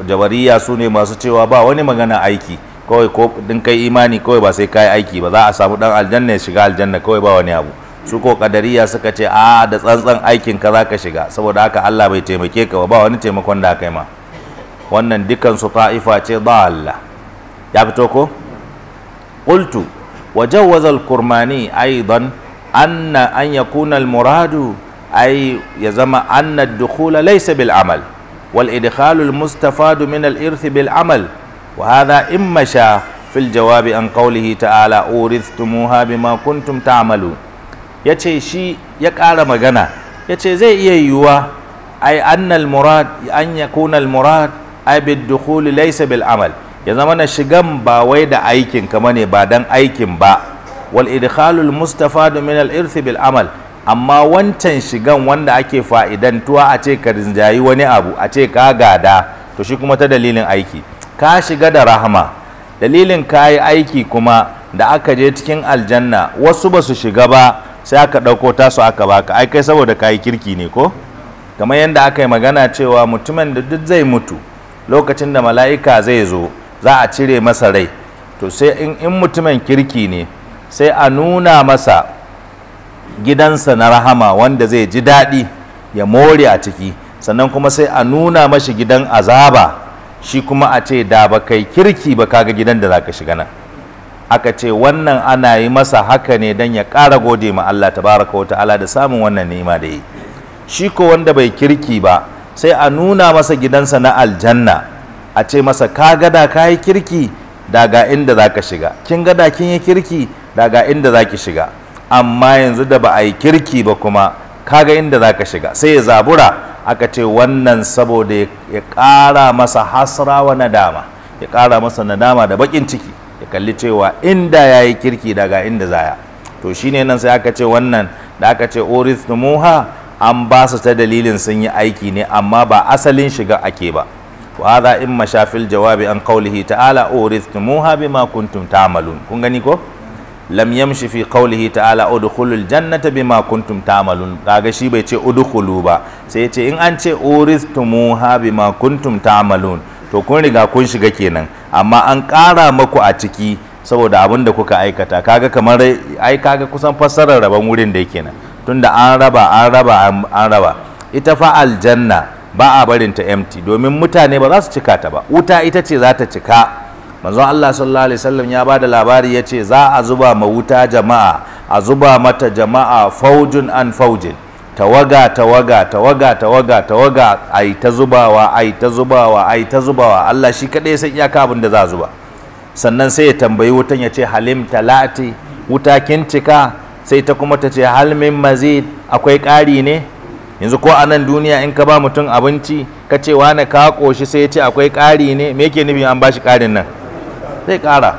jabariya su ne masu cewa ba wani magana aiki kawai ko din kai imani kawai ba sai kai aiki ba za a samu dan aljanna ya shiga aljanna kawai ba wani abu su ko kadariya suka ce a da tsantsan aikin ka zaka shiga saboda haka Allah bai taimake ka ba wani taimakon da aka ma wannan dukansu ta'ifa ce dalla ya fito ko qultu wa jawwaza al-kurmani aidan anna an yakuna al-muradu ay ya zama anna ad-dukhul laysa bil amal wal idkhalu al-mustafadu min al-irth bil amal wa hadha imma sha fil jawabi an qawlihi ta'ala urithtumuha bima kuntum ta'malun yace shi ya ƙara magana yace zai iya yiwuwa ai annal murad an yakuna al-murad abid dukhuli laysa bil amal ya zama na shigan ba wai da aikin kama ne ba dan aikin ba wal idkhalul mustafadu min al irth bil amal amma wancan shigan wanda ake fa'idantuwa a ce ka rinjayi wani abu a ce ka gada to shi kuma ta dalilin aiki ka shiga da rahama dalilin ka yi aiki kuma da aka je cikin aljanna wasu ba su shiga ba sai aka ɗauko tasu aka baka ai kai saboda ka yi kirki ne ko kamar yadda aka yi magana cewa mutumin da duk zai mutu lokacin da mala'ika zai zo za a cire masa rai to sai in mutumin kirki ne sai a nuna masa gidansa na rahama wanda zai ji daɗi ya more a ciki sannan kuma sai a nuna mashi gidan azaba shi kuma a ce da ba kai kirki ba kaga gidan da za ka shiga nan aka ce wannan ana yi masa haka ne don ya ƙara gode ma Allah baraka wata'ala ala da samun wannan nema da yi shi ko wanda bai kirki ba sai a nuna masa gidansa na aljanna a ce masa ka gada ka yi kirki daga inda za ka shiga kin gada kin yi kirki daga inda za ki shiga amma yanzu da ba a yi kirki ba kuma kaga inda za ka shiga sai ya zabura aka ce wannan saboda ya ƙara masa hasra wa nadama ya ƙara masa nadama da baƙin ciki ya kalli cewa inda ya yi kirki daga inda zaya to shine nan sai aka ce wannan da aka ce orith muha an ba su ta dalilin sun yi aiki ne amma ba asalin shiga ake ba wa in mashafil jawabi an qawlihi ta'ala urithumuha bima kuntum ta'malun kun gani ko lam yamshi fi qawlihi ta'ala udkhulul jannata bima kuntum ta'malun kaga shi bai ce udkhulu ba sai ce in an ce urithumuha bima kuntum ta'malun to kun riga kun shiga kenan amma an ƙara maku a ciki saboda abin da kuka aikata kaga kamar ai kaga kusan fassarar rabon wurin da yake nan tunda an raba an raba an raba ita fa aljanna ba a barin ta empty domin mutane ba za su cika ta ba wuta ita ce za ta cika manzon Allah sallallahu alaihi wasallam ya bada labari ya ce za a zuba ma wuta jama'a a zuba mata jama'a faujun an faujin tawaga tawaga tawaga tawaga tawaga ai ta zubawa ai ta zubawa ai ta zubawa Allah shi kadai san iyaka abin da za zuba sannan sai ya tambayi wutan ya ce halim talati wuta kin cika sai ta kuma ta ce halmin mazid akwai ƙari ne yanzu ko a nan duniya in ka ba mutum abinci ka ce ka ƙoshi sai ya ce akwai ƙari ne me yake nufi an ba shi ƙarin nan zai ƙara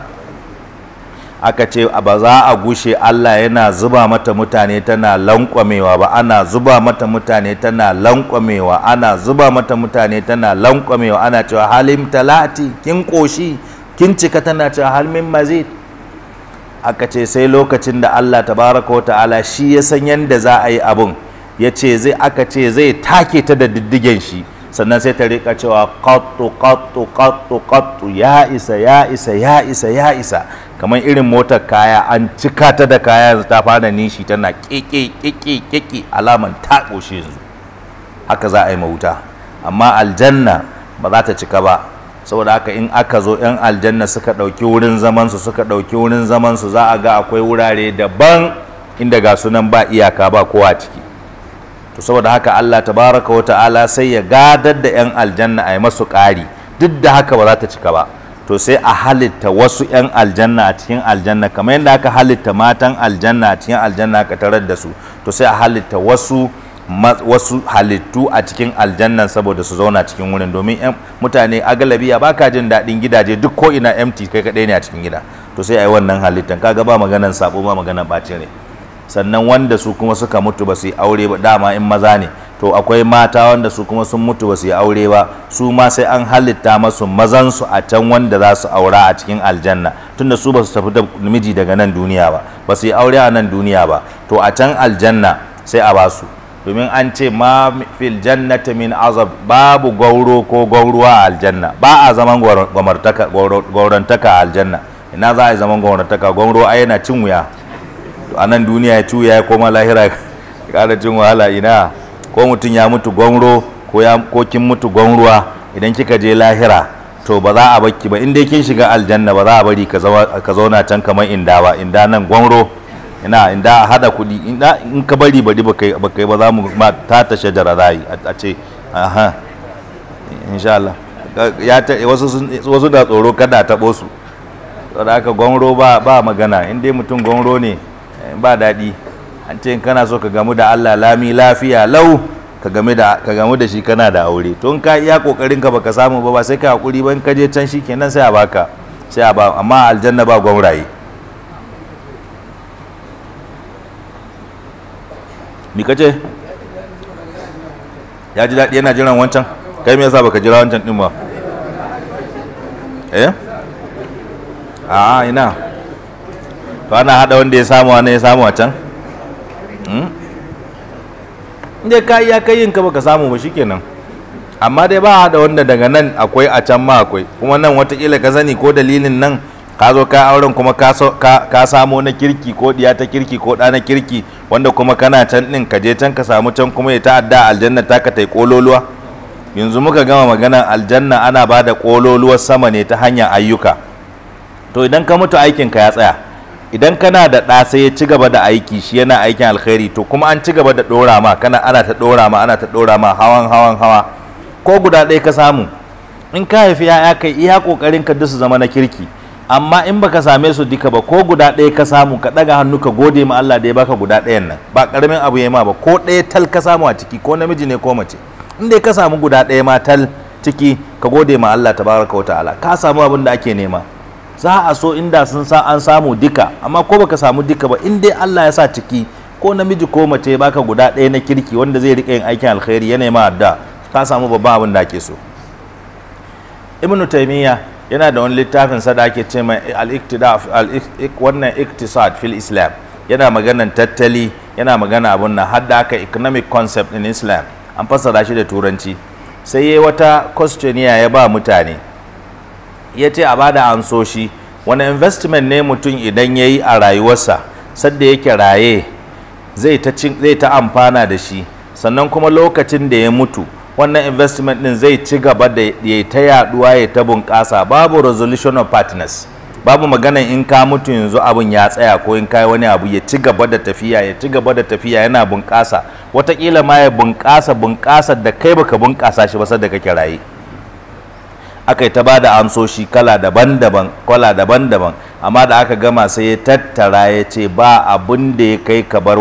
aka ce ba za a gushe Allah yana zuba mata mutane tana lankwamewa ba ana zuba mata mutane tana lankwamewa ana zuba mata mutane tana lankwamewa ana cewa halim talati kin ƙoshi kin cika tana cewa halmin mazid aka ce sai lokacin da Allah tabaraka ta'ala shi ya san yadda za a yi abun ya ce zai aka ce zai take ta da diddigen shi sannan sai ta rika cewa kattu kattu kattu kattu ya isa ya isa ya isa ya isa kamar irin motar kaya an cika ta da kaya yanzu ta fara nishi tana keke keke keke alaman ta koshe yanzu haka za a yi mawuta amma aljanna ba za ta cika ba saboda haka in aka zo yan aljanna suka ɗauki wurin zamansu suka ɗauki wurin zamansu za a ga akwai wurare daban inda ga sunan ba iyaka ba kowa ciki to saboda haka Allah tabaraka wa ta'ala sai ya gadar da yan aljanna a yi masu ƙari duk da haka ba za ta cika ba to sai a halitta wasu 'yan aljanna a cikin aljanna kamar yadda aka halitta matan aljanna a cikin aljanna ka tarar da su to sai a halitta wasu wasu halittu a cikin aljannan saboda su zauna cikin wurin domin mutane galabiya ba ka jin daɗin gidaje duk ko ina empty kai kaɗai ne a cikin gida to sai a yi wannan halittan kaga ba maganan sabo ba maganan ɓacin rai sannan wanda su kuma suka mutu ba su yi aure ba dama in maza ne to akwai mata wanda su kuma sun mutu ba su yi aure ba su ma sai an halitta masu mazansu a can wanda za su aura a cikin aljanna tunda su ba su tafi da miji daga nan duniya ba ba su yi aure a nan duniya ba to a can aljanna sai a ba su domin an ce ma fil jannata min azab babu gauro ko gauruwa a aljanna ba a zaman gwaurantaka a aljanna ina za a yi zaman gwaurantaka gauro ai yana cin wuya a nan duniya ya cuya ya koma lahira kada cin wahala ina ko mutum ya mutu gauro ko kin mutu gwauruwa idan kika je lahira to ba za a bakki ba in dai kin shiga aljanna ba za a bari ka zauna can kamar inda ba inda nan gwamro ina inda a hada kudi in ka bari bari ba kai ba za mu ma ta ta shajara rayi a ce aha insha Allah ya ta wasu wasu da tsoro kada ta bo su don haka gonro ba ba magana in dai mutum gonro ne eh, ba dadi an ce in kana so ka gamu da Allah lami lafiya lau ka game da ka gamu da shi kana da aure to in ka iya kokarin ka baka samu ba ba sai ka hakuri ba in ka je can shikenan sai a baka sai a ba amma aljanna ba gonraye mi kace ya ji daɗi yana jiran wancan kai me yasa baka jira wancan din ba eh ah ina to ana hada wanda ya samu wani ya samu a can hmm? inda ka iya kai yinka baka samu ba shikenan amma dai ba hada wanda daga nan akwai a can ma akwai kuma nan watakila ka sani ko dalilin nan ka zo ka auren kuma ka samo na kirki ko diya ta kirki ko ɗa na kirki wanda kuma kana can ɗin ka je can ka samu can kuma ya ta'adda aljanna ta ka tai kololuwa yanzu muka gama magana aljanna ana ba da kololuwar sama ne ta hanyar ayyuka to idan ka mutu aikin ka ya tsaya idan kana da ɗa sai ya ci gaba da aiki shi yana aikin alkhairi to kuma an ci gaba da ɗora ma kana ana ta ɗora ma ana ta ɗora ma hawan hawan hawa ko guda ɗaya ka samu in ka haifi ya'ya kai iya ƙoƙarin ka duk su zama na kirki amma in baka same su duka ba ko guda ɗaya ka samu ka ɗaga hannu ka gode ma Allah da ya baka guda ɗayan nan ba ƙaramin abu ya ma ba ko ɗaya tal ka samu a ciki ko namiji ne ko mace in dai ka samu guda ɗaya ma tal ciki ka gode ma Allah tabaraka wa ta'ala ka samu abin da ake nema za a so inda sun sa an samu duka amma ko baka samu duka ba in dai Allah ya sa ciki ko namiji ko mace ya baka guda ɗaya na kirki wanda zai rika yin aikin alkhairi ya nema adda ka samu babban abin da ake so ibnu taymiya yana da wani littafin sadaki da ake ce mai wannan iktisad fil islam yana maganan tattali yana magana abin nan har da aka economic concept in islam an fassara shi da turanci sai yi wata questionnaire ya ba mutane ya ce a bada amsoshi wani investment ne mutum idan ya yi a rayuwarsa sadda yake raye zai ta amfana da shi sannan kuma lokacin da ya mutu wannan investment din zai ci gaba da ya ta yaduwa ya ta bunƙasa babu resolution of partners babu magana in ka mutu yanzu abun ya tsaya ko in kai wani abu ya ci gaba da tafiya ya ci gaba da tafiya yana bunƙasa watakila ma ya bunƙasa bunƙasa da kai baka bunƙasa shi ba sai da kake raye akai ta bada amsoshi kala daban-daban kala daban-daban amma da aka gama sai ya tattara ya ce ba abun da ya kai ka bar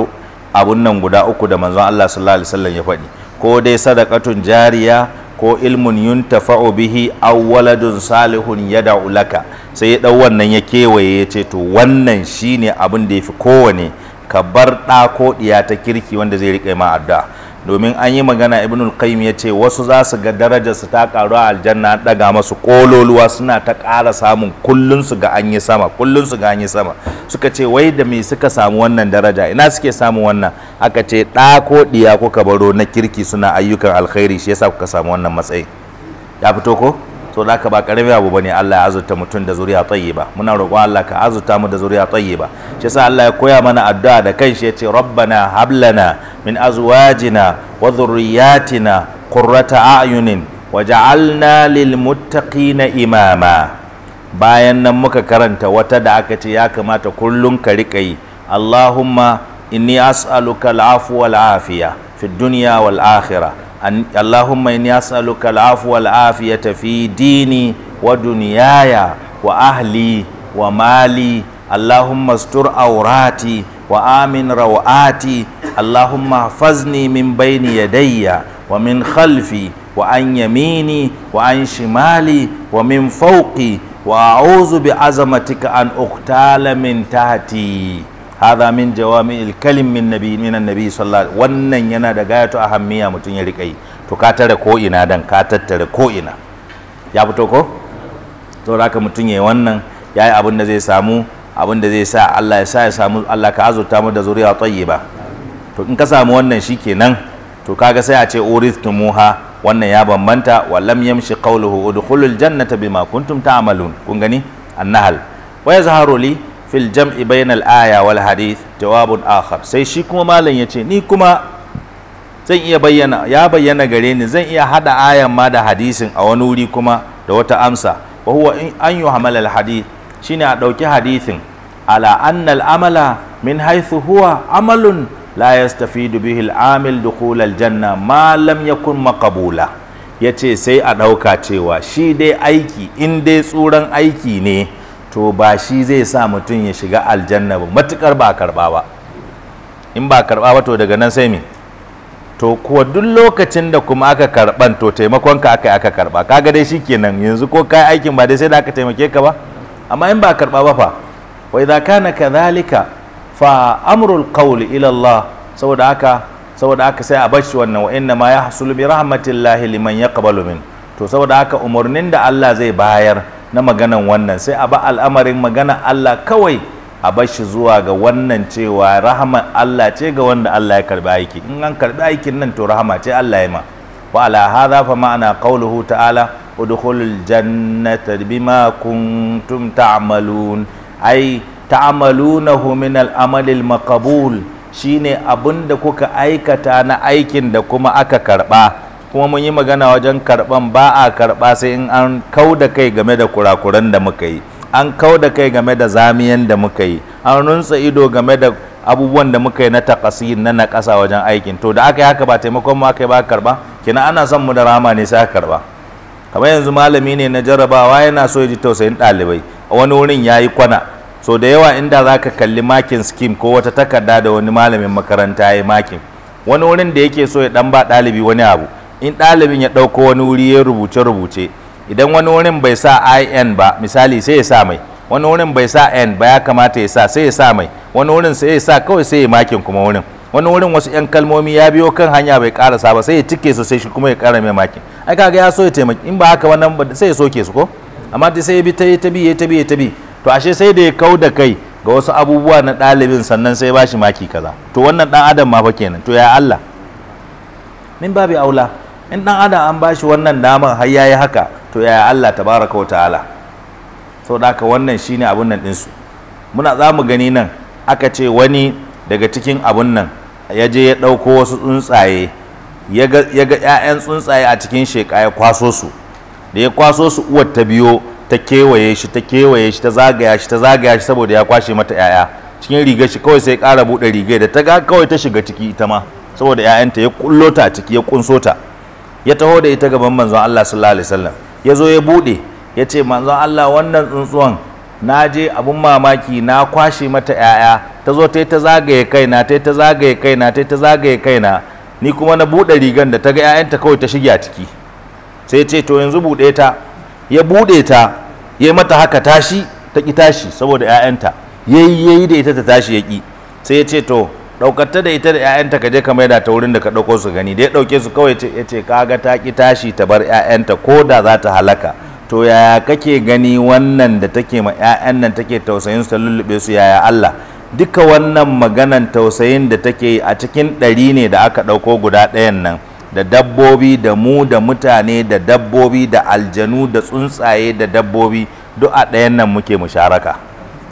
abun nan guda uku da manzon Allah sallallahu alaihi wasallam ya faɗi ko dai sadakatun jariya ko ilmun yuntafa bihi aw waladun salihun yad'u laka sai ya dau wannan ya kewaye ya ce to wannan shine abin da yafi kowane ka bar da ko ɗiya ta kirki wanda zai rike ma addu'a domin an yi magana ibnul qayyim ya ce wasu za su ga darajar su ta karu a aljanna daga masu kololuwa suna ta ƙara samun kullun su ga an yi sama kullun su ga an yi sama suka ce wai da me suka samu wannan daraja ina suke samu wannan aka ce ɗa ko ɗiya ko baro na kirki suna ayyukan alkhairi shi yasa kuka samu wannan matsayi ya fito ko so da ba karami abu bane Allah ya azurta mutun da zuriya tayyiba muna roƙo Allah ka azurta mu da zuriya tayyiba shi yasa Allah ya koya mana addu'a da kanshi yace rabbana hablana min azwajina wa dhurriyyatina qurrata a'yunin waj'alna lil muttaqina imama bayan nan muka karanta wata da aka ce ya kamata kullun ka rika yi Allahumma inni as'aluka al-afwa wal afiya fi dunya wal akhirah Allahumma inni as'aluka al'afu wal afiyata fi dini wa duniyaya, wa ahli wa mali Allahumma astur aurati wa amin rawati Allahumma hafazni min bayni yadayya wa min khalfi wa an yamini wa an shimali wa min fawqi wa a'udhu bi azamatika an uqtala min tahti hadha min jawami kalim min nabi min annabi sallallahu wannan yana da gayatu ahammiya mutun ya rika yi to ka tare ko ina dan ka tattare ko ina ya fito ko to raka mutun yayi wannan yayi abin da zai samu abin da zai sa Allah ya sa ya samu Allah ka azurta mu da zuriya tayyiba to in ka samu wannan shikenan to kaga sai a ce muha wannan ya bambanta walam yamshi qawluhu udkhulul jannata bima kuntum ta'malun kun gani annahal wa yazharu li fil jam'i bainal aya wal hadith jawabun akhar sai shi kuma malam yace ni kuma zan iya bayyana ya bayyana gare ni zan iya hada ayan ma da hadisin a wani wuri kuma da wata amsa wa huwa an yuhamala al hadith shine a dauki hadisin ala anna amala min haythu huwa amalun la yastafidu bihi al amil dukhul al janna ma lam yakun maqbula yace sai a dauka cewa shi dai aiki in dai tsuran aiki ne to ba shi zai sa mutum ya shiga aljanna ba matukar ba karba ba in ba karba ba to daga nan sai me to kuwa duk lokacin da kuma aka karban to taimakon ka aka aka karba kaga dai shikenan yanzu ko kai aikin ba dai sai da aka taimake ka ba amma in ba karba ba fa wa idza kana kadhalika fa amrul qawli ila Allah saboda haka saboda haka sai a bashi wannan wa inna ma yahsulu bi rahmatillahi liman yaqbalu min to saboda haka umurnin da Allah zai bayar na maganan wannan sai a ba al'amarin magana Allah kawai a bar shi zuwa ga wannan cewa rahama Allah ce ga wanda Allah ya karbi aiki in an karbi aikin nan to rahama ce Allah ya ma wa ala hadha fa ma'ana qawluhu ta'ala udkhulul jannata bima kuntum ta'malun ai ta'malunahu min al-amali al-maqbul shine abinda kuka aikata na aikin da kuma aka karba kuma mun yi magana wajen karban ba a karba sai in an kau da kai game da kurakuran da muka yi an kau da kai game da zamiyan da muka yi an runtsa ido game da abubuwan da muka yi na takasi na na ƙasa wajen aikin to da aka yi haka ba taimakon mu aka yi ba karba kina ana son mu da rama ne sai aka karba kamar yanzu malami ne na jarabawa yana so ya ji tausayin ɗalibai a wani wurin ya yi kwana so da yawa inda za ka kalli makin skim ko wata takarda da wani malamin makaranta ya yi makin wani wurin da yake so ya ɗan ba ɗalibi wani abu in ɗalibin ya ɗauko wani wuri ya rubuce-rubuce idan wani wurin bai sa in ba misali sai ya sa mai wani wurin bai sa n ba ya kamata ya sa sai ya sa mai wani wurin sai ya sa kawai sai ya makin kuma wurin wani wurin wasu yan kalmomi ya biyo kan hanya bai karasa ba sai ya cike su sai shi kuma ya kara mai makin ai kaga ya so ya taimaki in ba haka wannan ba sai ya soke su ko amma dai sai ya bi ta yi ta bi ya ta bi ya ta bi to ashe sai da ya kau da kai ga wasu abubuwa na ɗalibin sannan sai ya bashi maki kaza to wannan ɗan adam ma fa kenan to ya Allah min babi aula in dan adam an bashi wannan daman har yayi haka to yaya Allah tabaraka wa ta'ala da haka wannan shine abun nan din su muna za mu gani nan aka ce wani daga cikin abun nan ya je ya dauko wasu tsuntsaye ya ga 'ya'yan tsuntsaye a cikin sheka ya kwaso su da ya kwaso su uwar ta biyo ta kewaye shi ta kewaye shi ta zagaya shi ta zagaya shi saboda ya kwashe mata 'ya'ya cikin rigar shi kawai sai ya kara buɗe rigar da ta ga kawai ta shiga ciki ita ma saboda 'ya'yanta ya kullo ta ciki ya kunso ta ya taho da ita gaban manzon Allah sallallahu alaihi wasallam ya zo ya bude ya ce manzon Allah wannan tsuntsuwan na je abun mamaki na kwashe mata 'ya'ya ta zo ta yi ta zagaye kaina ta yi ta zagaye kaina ta yi ta zagaye kaina ni kuma na buɗe rigan da ta ga 'ya'yanta kawai ta shige a ciki sai ce to yanzu buɗe ta ya buɗe ta ya mata haka tashi ta ki tashi saboda 'ya'yanta yayi yayi da ita ta tashi ya ki sai ya ce to daukata da ita da 'ya'yanta ka je ka maida ta wurin da ka dauko su gani da ya dauke su kawai ya ce kaga ta ki tashi ta bar 'ya'yanta ko da za ta halaka to yaya kake gani wannan da take ma 'ya'yan nan take tausayin su lullube su yaya Allah duka wannan maganan tausayin da take yi a cikin ɗari ne da aka ɗauko guda ɗayan nan da dabbobi da mu da mutane da dabbobi da aljanu da tsuntsaye da dabbobi duk a ɗayan nan muke musharaka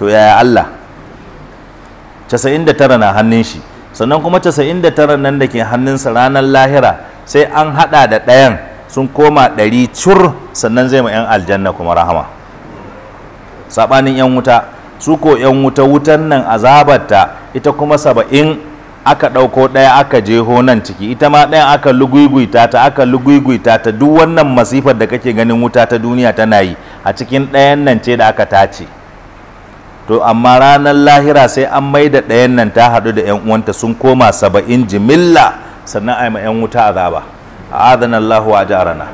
to yaya Allah da tara na hannun shi sannan kuma da tara nan da ke hannunsa ranar lahira sai an haɗa da ɗayan sun koma ɗari cur sannan zai ma 'yan aljanna kuma rahama saɓanin 'yan wuta su ko 'yan wuta wutan nan azabarta ita kuma saba'in aka ɗauko ɗaya aka jeho nan ciki ita ma ɗayan aka luguiguita ta aka luguiguita ta duk wannan masifar da kake ganin wuta ta duniya tana yi a cikin ɗayan nan ce da aka tace to amma ranar lahira sai an mai da ɗayan nan ta haɗu da 'yan uwanta sun koma saba'in jimilla sannan a yi ma 'yan wuta zaba a adana Allah wa jarana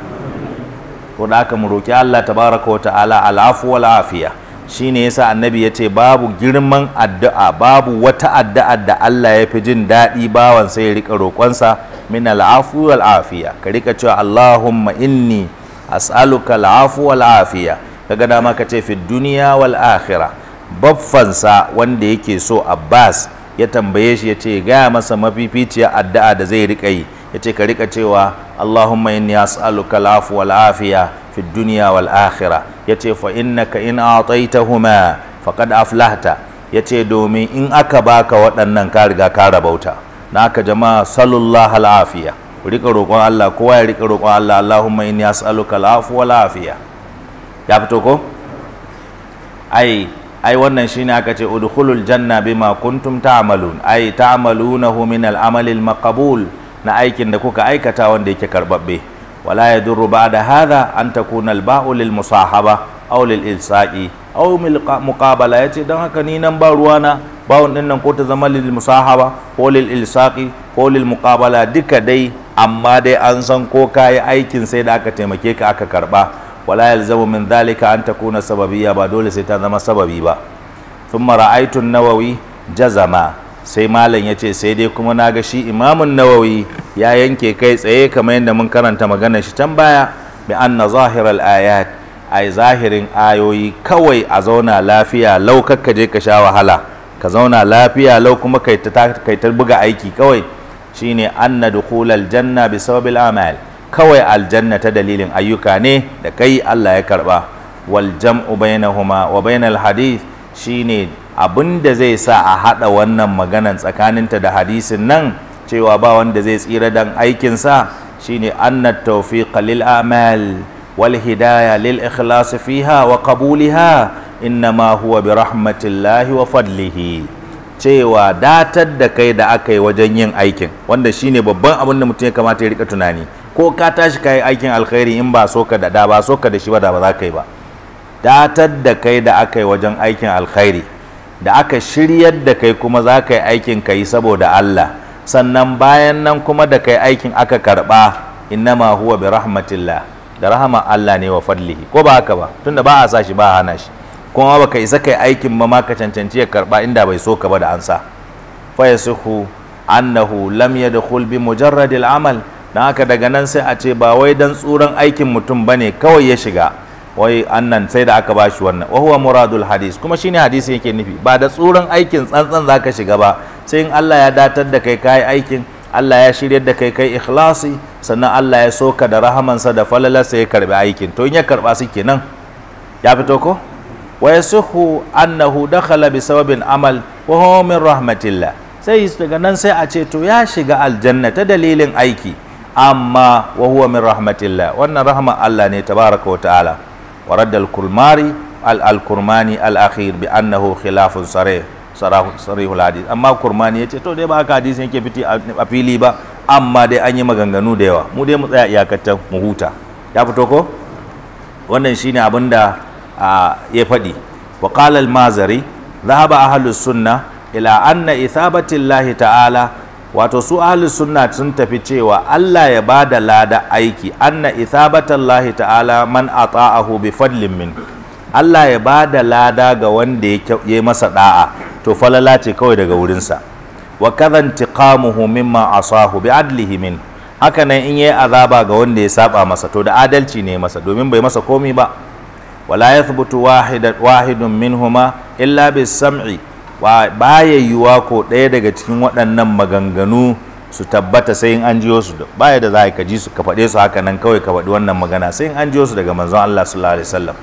ko da aka mu roƙi Allah baraka wa ta'ala al'afu wal afiya shine yasa annabi ya ce babu girman addu'a babu wata addu'a da Allah ya fi jin daɗi bawan sai ya rika roƙonsa min al'afu wa afiya ka rika cewa Allahumma inni as'aluka al'afu wa afiya kaga dama ka ce fi duniya wal akhirah baffansa wanda yake so abbas ya tambaye shi ya ce gaya masa mafificiya addu'a da zai riƙa yi ya ce ka riƙa cewa allahumma inni as'aluka al'afu wal afiya fi duniya wal akhirah ya ce fa innaka in ataitahuma faqad aflahta ya ce domin in aka baka waɗannan ka riga ka rabauta na aka jama'a salullahu riƙa roƙon Allah kowa ya riƙa roƙon Allah allahumma inni as'aluka wal afiya ya fito ko ai ai wannan shine aka ce udkhulul janna bima kuntum ta'malun ai ta'malunahu min al-amali al-maqbul na aikin da kuka aikata wanda yake karbabbe wala yadurru ba'da hadha an takuna al-ba'u lil musahaba aw lil ilsa'i aw mil muqabala yace dan haka ni nan ba ruwana bawon din nan ko ta zama lil musahaba ko lil ilsaqi ko lil muqabala duka dai amma dai an san ko kayi aikin sai da aka taimake ka aka karba wala yalzamu min dalika an sababi sababiyya ba dole sai ta zama sababi ba thumma ra'aytu an-nawawi jazama sai malam ya ce sai dai kuma ga shi imamun nawawi ya yanke kai tsaye kamar yadda mun karanta maganar shi can baya bi anna zahiral ayat zahirin ayoyi kawai a zauna lafiya lau kakka je ka sha wahala ka zauna lafiya lau kuma kai ta buga aiki kawai shine anna dukhulal janna bi sababil amal kawai aljanna ta dalilin ayyuka ne da kai Allah ya karba wal jam'u bainahuma wa bainal hadith shine abin da zai sa a hada wannan maganan tsakaninta da hadisin nan cewa ba wanda zai tsira dan aikin sa shine anna tawfiqa lil amal wal hidaya lil ikhlas fiha wa qabuliha innama huwa bi rahmatillahi wa fadlihi cewa datar da kai da aka yi wajen yin aikin wanda shine babban abin da mutum ya kamata ya rika tunani ko ka tashi ka yi aikin alkhairi in ba so ka da ba so ka da shi ba da ba za ka yi ba datar da kai da aka yi wajen aikin alkhairi da aka shiryar da kai kuma za ka yi aikin ka yi saboda Allah sannan bayan nan kuma da kai aikin aka karba innama huwa bi rahmatillah da rahama Allah ne wa fadlihi ko ba haka ba tunda ba a sa shi ba a hana shi kuma ba ka isa kai aikin ba ma ka cancanci ya karba inda bai so ka ba da ansa fa yasihu annahu lam yadkhul bi mujarradil amal don haka daga nan sai a ce ba wai dan tsuran aikin mutum bane kawai ya shiga wai annan sai da aka bashi wannan wa huwa muradul hadis kuma shine hadisi yake nufi ba da tsuran aikin tsantsan zaka shiga ba sai in Allah ya datar da kai kai aikin Allah ya shiryar da kai kai ikhlasi sannan Allah ya soka da rahamansa da sai ya karbi aikin to in ya karba su kenan ya fito ko wa yasuhu annahu dakhala bi sababin amal wa huwa min rahmatillah sai daga nan sai a ce to ya shiga aljanna ta dalilin aiki amma wa huwa min rahmatillah wannan rahma Allah ne tabaraka wa ta'ala wa kulmari al al-kurmani al-akhir bi annahu khilafun sarih sarihul hadith amma kurmani yace to dai ba haka hadisi yake fiti a fili ba amma dai an yi maganganu da yawa mu dai mu tsaya iyakatan mu huta ya fito ko wannan shine abin da ya faɗi wa qala al-mazari ذهب أهل السنة إلى أن إثابة الله تعالى wato su ahli sunna sun tafi cewa Allah ya ba da lada aiki anna batallahi ta'ala man ata'ahu bi fadlin min Allah ya ba da lada ga wanda ya masa da'a to falala ce kawai daga wurinsa wa kadha intiqamuhu mimma asahu bi adlihi min haka nan in yayi azaba ga wanda ya saba masa to da adalci ne masa domin bai masa komi ba wala yathbutu wahidun minhuma illa bis sam'i baya yiwuwa ko ɗaya daga cikin waɗannan maganganu su tabbata sai in an jiyo su baya da za ka ji su ka faɗe su haka nan kawai ka faɗi wannan magana sai in an jiyo su daga manzon Allah sallallahu alaihi wasallam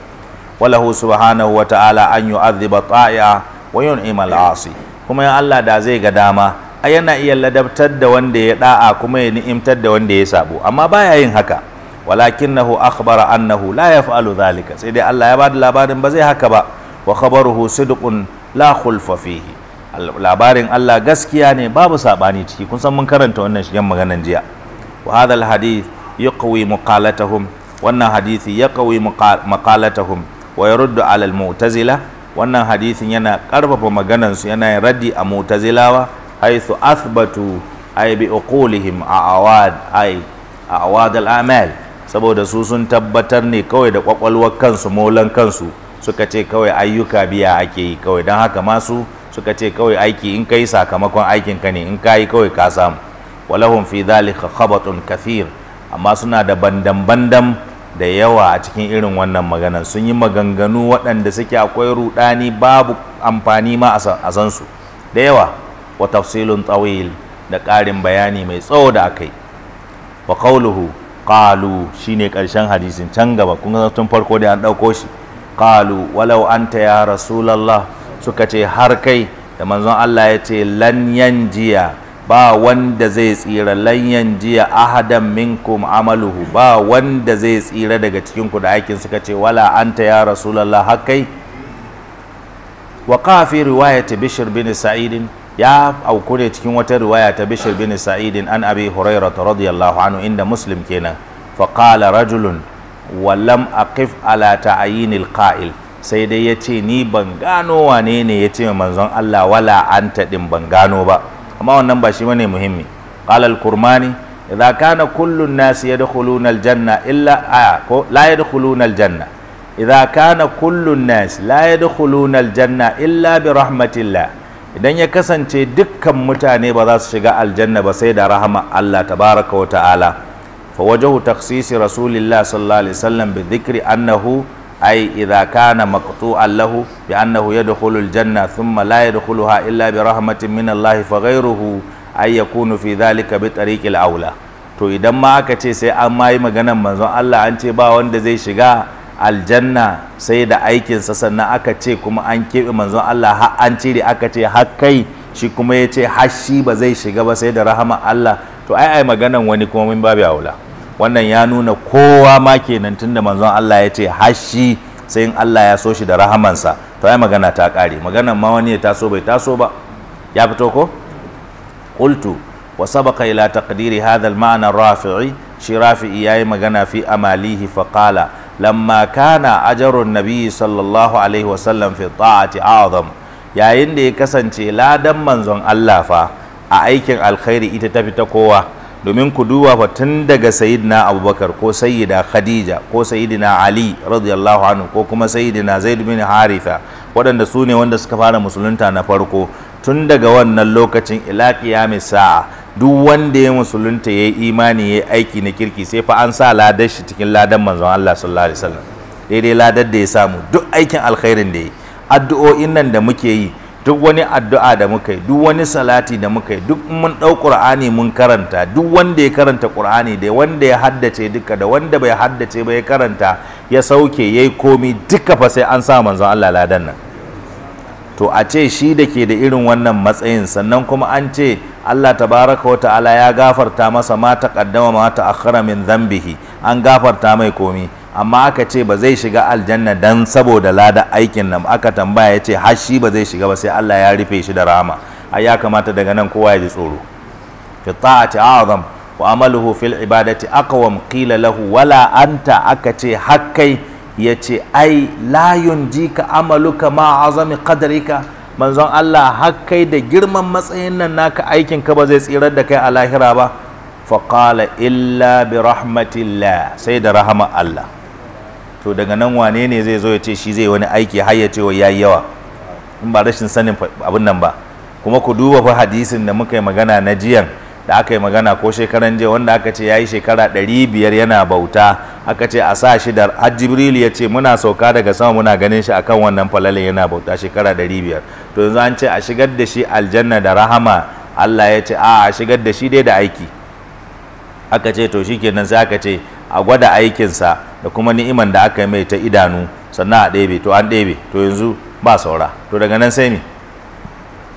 walahu subhanahu wa ta'ala an yu'adhiba ta'i'a wa yun'ima al'asi kuma in Allah da zai ga dama ai yana iya ladabtar da wanda ya da'a kuma ya ni'imtar da wanda ya sabo amma baya yin haka walakinahu akhbara annahu la yaf'alu zalika sai dai Allah ya bada labarin ba zai haka ba wa khabaruhu sidqun la khulfa fihi labarin Allah gaskiya ne babu sabani ciki kun san mun karanta wannan shigen maganan jiya wa hadha al hadith yaqwi muqalatahum wannan hadisi kawai makalatahum wa ya ala alal mu'tazila wannan hadisin yana karfafa maganan su yana raddi a mu'tazilawa haythu athbatu ay bi uqulihim a'awad ay a'awad al amal saboda su sun tabbatar ne kawai da kwakwalwar kansu molan kansu suka ce kawai ayyuka biya ake yi kawai don haka masu suka ce kawai aiki in ka yi sakamakon aikin ka ne in ka yi kawai ka samu walahun fi zalika khabatun kathir amma suna da bandan bandan da yawa a cikin irin wannan maganan sun yi maganganu waɗanda suke akwai rudani babu amfani ma a san su da yawa wa tafsilun tawil da ƙarin bayani mai tsawo da akai wa qawluhu qalu shine ƙarshen hadisin can gaba kun tun farko da an ɗauko shi qalu walau anta ya rasulallah suka ce har kai da manzon Allah ya ce lanyan jiya ba wanda zai tsira lanyan jiya ahadan minkum amaluhu ba wanda zai tsira daga cikin ku da aikin suka ce wala anta ya rasulallah har kai wa riwaya ta bishr bin sa'id ya auku ne cikin wata riwaya ta bishr bin sa'id an abi hurairah radiyallahu anhu inda muslim kenan fa qala rajulun walam aqif ala ta'ayinil qa'il sai dai yace ni ban gano wane ne yace manzon Allah wala anta din ban gano ba amma wannan ba shi bane muhimmi qala al-kurmani idza kana kullu an-nas yadkhuluna al-janna illa a ko la yadkhuluna al-janna idza kana kullu an-nas la yadkhuluna al-janna illa bi rahmatillah idan ya kasance dukkan mutane ba za su shiga aljanna ba sai da rahama Allah tabaraka wa ta'ala fa wajahu taksisi rasulillah sallallahu alaihi wasallam bi dhikri annahu ay idza kana maqtu'an allahu bi annahu yadkhulu al-janna thumma la yadkhuluha illa bi rahmatin min Allah fa ghayruhu ay yakunu fi dhalika bi tariqil aula to idan ma aka ce sai an mai maganan manzon Allah an ce ba wanda zai shiga aljanna sai da aikinsa sannan aka ce kuma an keɓe manzon Allah har an cire aka ce har kai shi kuma yace ce har shi ba zai shiga ba sai da rahama Allah to ai ai maganan wani kuma min babu aula wannan ya nuna kowa ma kenan tunda manzon Allah ya ce hashi sai in Allah ya so shi da rahamansa to ai magana ta kare Maganar ma wani ya taso bai taso ba ya fito ko qultu wa sabaqa ila taqdiri hadha al-ma'na rafi'i shi rafi'i yayi magana fi amalihi fa qala lamma kana ajrun nabiyyi sallallahu alaihi wa sallam fi ta'ati azam yayin da ya kasance ladan manzon Allah fa a aikin alkhairi ita tafi ta kowa domin ku duba fa tun daga sayyidina abubakar ko sayida khadija ko sayyidina ali radiyallahu anhu ko kuma sayyidina zaid bin haritha waɗanda su ne wanda suka fara musulunta na farko tun daga wannan lokacin ila qiyamah sa'a duk wanda ya musulunta yayi imani yayi aiki na kirki sai fa an sa ladar shi cikin ladan manzon Allah sallallahu alaihi wasallam daidai ladar da ya samu duk aikin alkhairin da yi addu'o'in nan da muke yi duk wani addu'a da muka yi duk wani salati da muka yi duk mun ɗau ƙur'ani mun karanta duk wanda ya karanta ƙur'ani da wanda ya haddace duka da wanda bai haddace ba ya karanta ya sauke ya yi komi duka fa sai an sa manzon Allah ladan nan to a ce shi da ke da irin wannan matsayin sannan kuma an ce Allah tabaraka wa ta'ala ya gafarta masa ma taqaddama ma ta'akhkhara min dhanbihi an gafarta mai komi amma aka ce ba zai shiga aljanna dan saboda lada aikin nan aka tambaya ya ce har shi ba zai shiga ba sai Allah ya rufe shi da rahama ai ya kamata daga nan kowa ya ji tsoro fi ta'ati azam wa amaluhu fil ibadati aqwam qila lahu wala anta aka ce hakkai ya ce ai la yunjika amaluka ma azami qadrika manzon Allah hakkai da girman matsayin nan naka aikin ka ba zai tsirar da kai a lahira ba faqala illa bi rahmatillah sai da rahama Allah to daga nan wane ne zai zo ya ce shi zai wani aiki har ya ce wa yayi yawa in ba rashin sanin abin nan ba kuma ku duba fa hadisin da muka yi magana na jiyan da aka yi magana ko shekaran jiya wanda aka ce yayi shekara ɗari biyar yana bauta aka ce a sa shi da har ya ce muna sauka daga sama muna ganin shi akan wannan falalin yana bauta shekara ɗari biyar to yanzu an ce a shigar da shi aljanna da rahama Allah ya ce a a shigar da shi dai da aiki aka ce to shikenan sai aka ce a gwada aikinsa da kuma ni'iman da aka yi mai ta idanu sannan a ɗebe to an ɗebe to yanzu ba saura to daga nan sai ne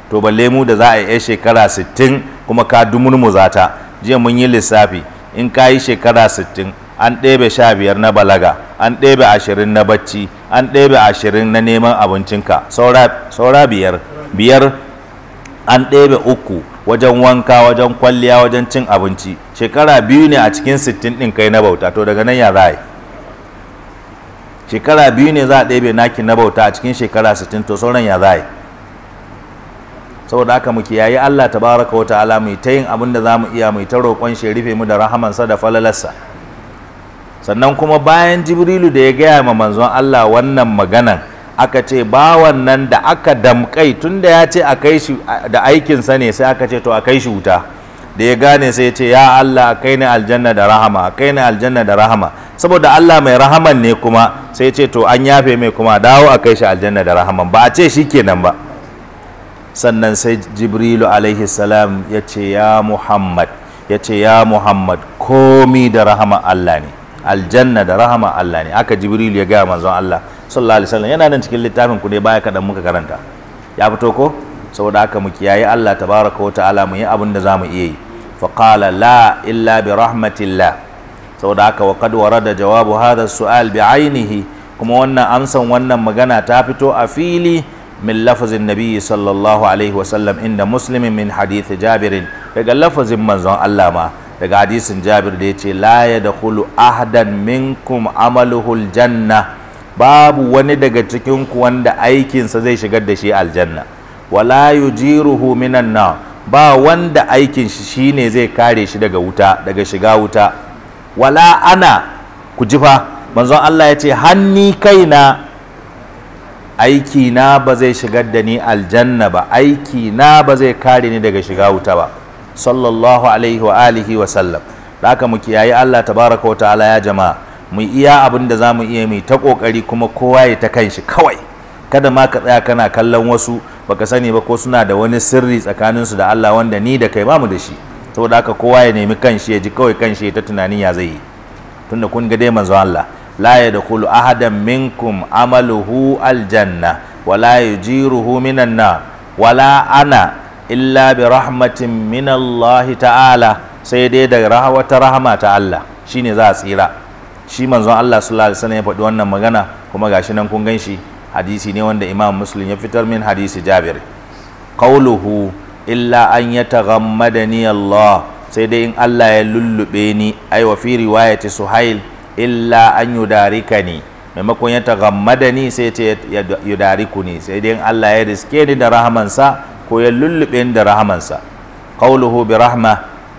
to balle mu da za a yi shekara 60 kuma ka mu zata jiya mun yi lissafi in ka yi shekara 60 an ɗebe 15 na balaga an ɗebe 20 na bacci an ɗebe 20 na neman abincinka saura biyar biyar an ɗebe uku wajen wanka wajen kwalliya wajen cin abinci shekara biyu ne a cikin sittin ɗin kai na bauta to daga nan ya za shekara biyu ne za a ɗebe naki na bauta a cikin shekara sittin to sauran ya za yi saboda haka mu kiyaye Allah tabaraka wata ala mu ta yin abin da za mu iya mu ta roƙon shi rufe mu da rahamansa da falalarsa sannan kuma bayan jibrilu da ya gaya ma manzon Allah wannan maganan aka ce ba wannan da aka damƙai tunda ya ce a kai shi da aikinsa ne sai aka ce to a kai shi wuta da ya gane sai ya ce ya Allah kai ni aljanna da rahama kai ni aljanna da rahama saboda Allah mai rahaman ne kuma sai ya ce to an yafe mai kuma dawo a kai shi aljanna da rahaman ba a ce shi kenan ba sannan sai jibrilu alaihi salam ya ce ya muhammad ya ce ya muhammad komi da rahama Allah ne aljanna da rahama Allah ne haka jibrilu ya gaya manzon Allah sallallahu alaihi wasallam yana nan cikin littafin ku ne baya kadan muka karanta ya fito ko saboda haka mu kiyaye Allah tabaraka wa ta'ala mu yi abin da za mu iya yi fa qala la illa bi rahmatillah saboda haka wa qad warada jawabu hadha su'al bi ainihi kuma wannan amsan wannan magana ta fito a fili min lafazin nabi sallallahu alaihi wasallam inda muslimin min hadith jabirin daga lafazin manzon Allah ma daga hadisin jabir da ya ce la ya da ahadan minkum amaluhul janna babu wani daga cikinku wanda aikinsa zai shigar da shi aljanna wala yujiruhu minan na ba wanda aikin shi shine zai kare shi daga wuta daga shiga wuta wala ana ku ji manzon Allah ya ce hanni kaina aiki na ba zai shigar da ni aljanna ba aiki na ba zai kare ni daga shiga wuta ba sallallahu alaihi wa alihi wa sallam da haka mu kiyaye Allah tabaraka wa ta'ala ya jama'a mu iya abin da zamu iya mu ta kokari kuma kowa ya ta kanshi kawai kada ma ka tsaya kana kallon wasu baka sani ba ko suna da wani sirri tsakaninsu da Allah wanda ni da kai ba mu da shi saboda haka kowa ya nemi kanshi ya ji kawai kanshi ta tunanin ya zai yi tunda kun ga dai manzo Allah la kullu ahadan minkum amaluhu aljanna wala yujiruhu minan na, wala ana illa bi rahmatin min Allah ta'ala sai dai da rahwata rahama ta Allah shine za a tsira shi manzon Allah sallallahu alaihi wasallam ya faɗi wannan magana kuma gashi nan kun ganshi? hadisi ne wanda imam muslim ya fitar min hadisi jabir qauluhu illa an yataghammadani Allah sai dai in Allah ya lullube ni ai wa fi riwayati suhail illa an yudarikani maimakon ya taghammadani sai ce yudarikuni sai dai in Allah ya riske ni da rahamansa ko ya lullube ni da rahamansa qauluhu bi rahma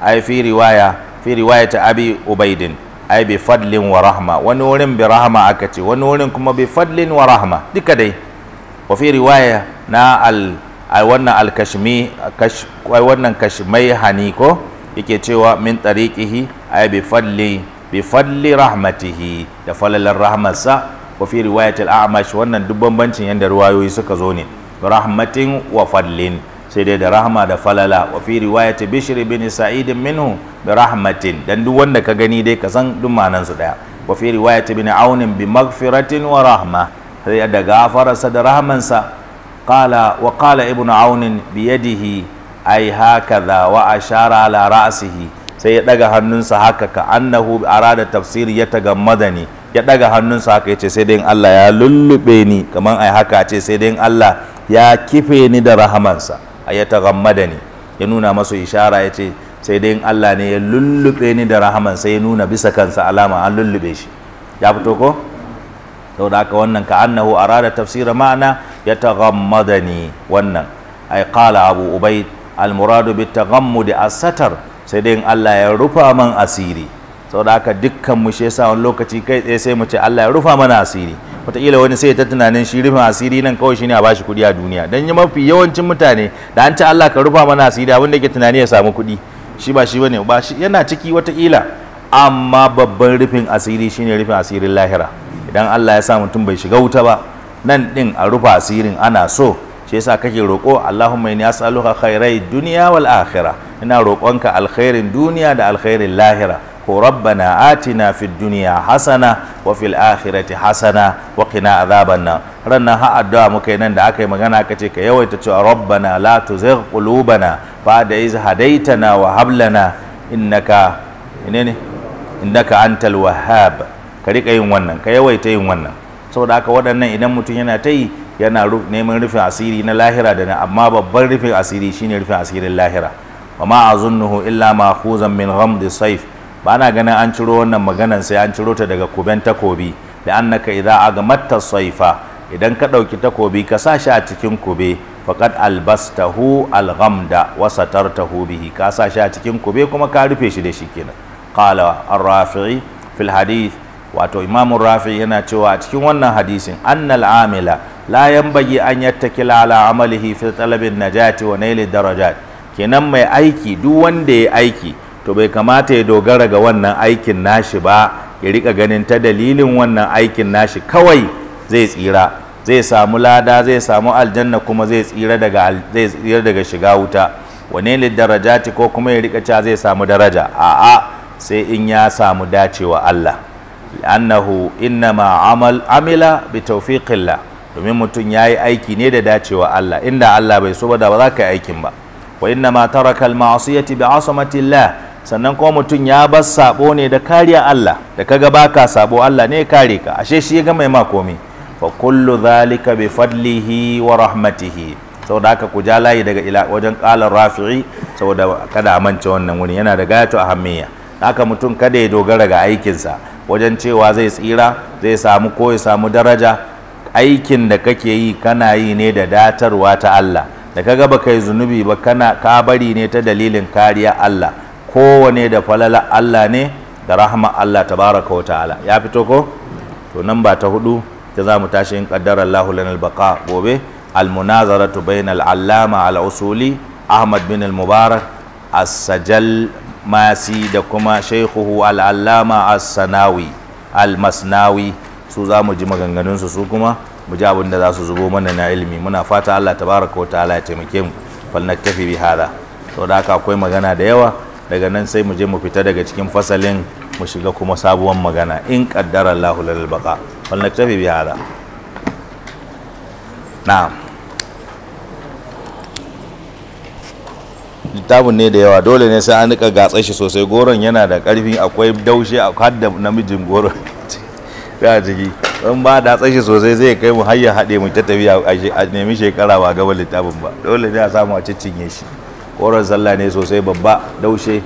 ai fi riwaya fi riwayati abi ubaidin ai bi fadlin wa rahma wani wurin bi rahma aka ce wani wurin kuma bi fadlin wa rahma duka dai wa fi riwaya na al wannan al kashmi wannan kashmai hani ko yake cewa min tariqihi ai bi fadli bi fadli rahmatihi da falalar rahmarsa wa fi riwayatil a'mash wannan duk bambancin yanda riwayoyi suka zo ne rahmatin wa fadlin sai dai da rahama da falala wa fi riwayati bishr bin sa'id minhu bi rahmatin dan duk wanda ka gani dai ka san duk manan su daya wa fi riwayati bin aun bi maghfiratin wa rahma sai da gafararsa da rahmansa qala wa qala ibnu aun bi yadihi ai hakaza wa ashara ala ra'sihi sai ya daga hannunsa haka ka annahu arada tafsiri ya ne ya daga hannunsa haka ce sai dai Allah ya lullube ni kaman ai haka ce sai dai Allah ya kife ni da rahamansa ayataghammadani ya nuna masu ishara ya ce sai dai in Allah ne ya lullube ni da rahaman sai ya nuna bisa kansa alama an lullube shi ya fito ko da aka wannan ka annahu arada tafsira ma'ana ya ni wannan ai kala abu ubai al muradu ta taghammud as-satar sai dai in Allah ya rufa man asiri da aka dukkan mu shi yasa wani lokaci kai tsaye sai mu ce Allah ya rufa mana asiri wataƙila wani sai ta tunanin shi rufin asiri nan kawai shi ne a bashi kuɗi a duniya dan yi mafi yawancin mutane da an ci Allah ka rufa mana asiri abin da ke tunani ya samu kuɗi shi ba shi bane ba shi yana ciki wataƙila amma babban rufin asiri shine rufin asirin lahira idan Allah ya sa mutum bai shiga wuta ba nan din a rufa asirin ana so shi yasa kake roƙo Allahumma inni as'aluka khairai dunya wal akhirah ina roƙonka alkhairin duniya da alkhairin lahira ko rabbana atina fid duniya hasana wa fil akhirati hasana wa qina azaban nan. ranan ha addu'a muka yi nan da aka yi magana aka ce ka yawaita cewa rabbana la tuzigh qulubana ba'da hadaita na wa hab lana innaka inene innaka antal ka rika yin wannan ka yawaita yin wannan saboda haka waɗannan idan mutum yana ta yi yana neman rufin asiri na lahira da na amma babban rufin asiri shine rufin asirin lahira wa ma zunuhu illa ma khuzan min ghamdi saif ba na ganin an ciro wannan maganan sai an ciro ta daga kuben takobi da annaka idza agmatta saifa idan ka ɗauki takobi ka sa shi a cikin kube faqad albastahu alghamda wa satartahu bihi ka sa shi a cikin kube kuma ka rufe shi da shi kenan qala ar-rafi'i fil hadith wato Imam rafi yana cewa a cikin wannan hadisin annal amila la yanbaghi an yattakila ala amalihi fi talabin najati wa Nailin darajat kenan mai aiki duk wanda ya aiki to bai kamata ya dogara ga wannan aikin nashi ba ya rika ganin ta dalilin wannan aikin nashi kawai zai tsira zai samu lada zai samu aljanna kuma zai tsira daga zai tsira daga shiga wuta wane ne darajati ko kuma ya rika cewa zai samu daraja a'a sai in ya samu dacewa Allah annahu innama amal amila bi tawfiqillah domin mutum yayi aiki ne da dacewa Allah inda Allah bai so ba da ba za ka yi aikin ba wa innama tarakal ma'asiyati ma'siyati bi asamatillah sannan kuma mutum ya bar sabo ne da kariya Allah da kaga baka sabo Allah ne ya kare ka ashe shi ya ga mai makomi fa kullu zalika bi fadlihi wa rahmatihi saboda haka ku ja layi daga ila wajen qalan rafi'i saboda kada a mance wannan wuri yana da gayatu ahammiya haka mutum kada ya dogara ga aikin sa wajen cewa zai tsira zai samu ko ya samu daraja aikin da kake yi kana yi ne da datarwa ta Allah da kaga baka yi zunubi ba kana ka bari ne ta dalilin kariya Allah kowane da falala Allah ne da rahama Allah tabaraka wa ta'ala ya fito ko to nan ba ta hudu ta za mu tashi in kaddara Allahu lana baqa gobe al-munazaratu bainal allama al-usuli Ahmad bin al-Mubarak as-sajal masi da kuma shaykhuhu al-allama as-sanawi al-masnawi su za mu ji maganganun su su kuma mu ji abin da za su zubo mana na ilimi muna fata Allah tabaraka wa ta'ala ya taimake mu falnaktafi bi hada haka akwai magana da yawa daga nan sai mu je mu fita daga cikin fasalin mu shiga kuma sabuwar magana in kaddara Allahu lal baqa wal naktafi bi hada na'am littafin ne da yawa dole ne sai an rika gatsa shi sosai goron yana da karfi akwai daushe a da namijin goron da jiki in ba da tsashi sosai zai kai mu hayya hade haɗe mu ta tafiya a nemi shekara ba gaba littafin ba dole ne a samu a ciccinye shi koren sallah ne sosai babba daushe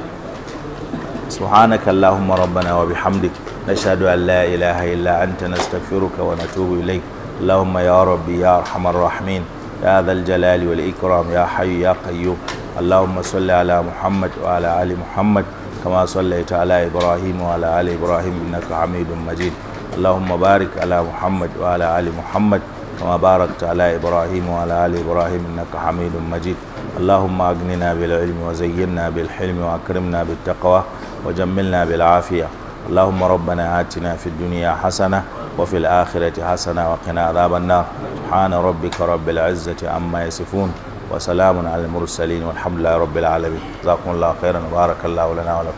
subhanaka allahumma rabbana wa bihamdik nashhadu an la ilaha illa anta nastaghfiruka wa natubu ilayk اللهم يا ربي يا ارحم الراحمين يا ذا الجلال والاكرام يا حي يا قيوم اللهم صل على محمد وعلى ال محمد كما صليت على ابراهيم وعلى ال ابراهيم انك حميد مجيد اللهم بارك على محمد وعلى ال محمد كما باركت على ابراهيم وعلى ال ابراهيم انك حميد مجيد اللهم أغننا بالعلم وزينا بالحلم وأكرمنا بالتقوى وجملنا بالعافية اللهم ربنا آتنا في الدنيا حسنة وفي الآخرة حسنة وقنا عذاب النار سبحان ربك رب العزة عما يصفون وسلام على المرسلين والحمد لله رب العالمين جزاكم الله خيرا وبارك الله لنا ولكم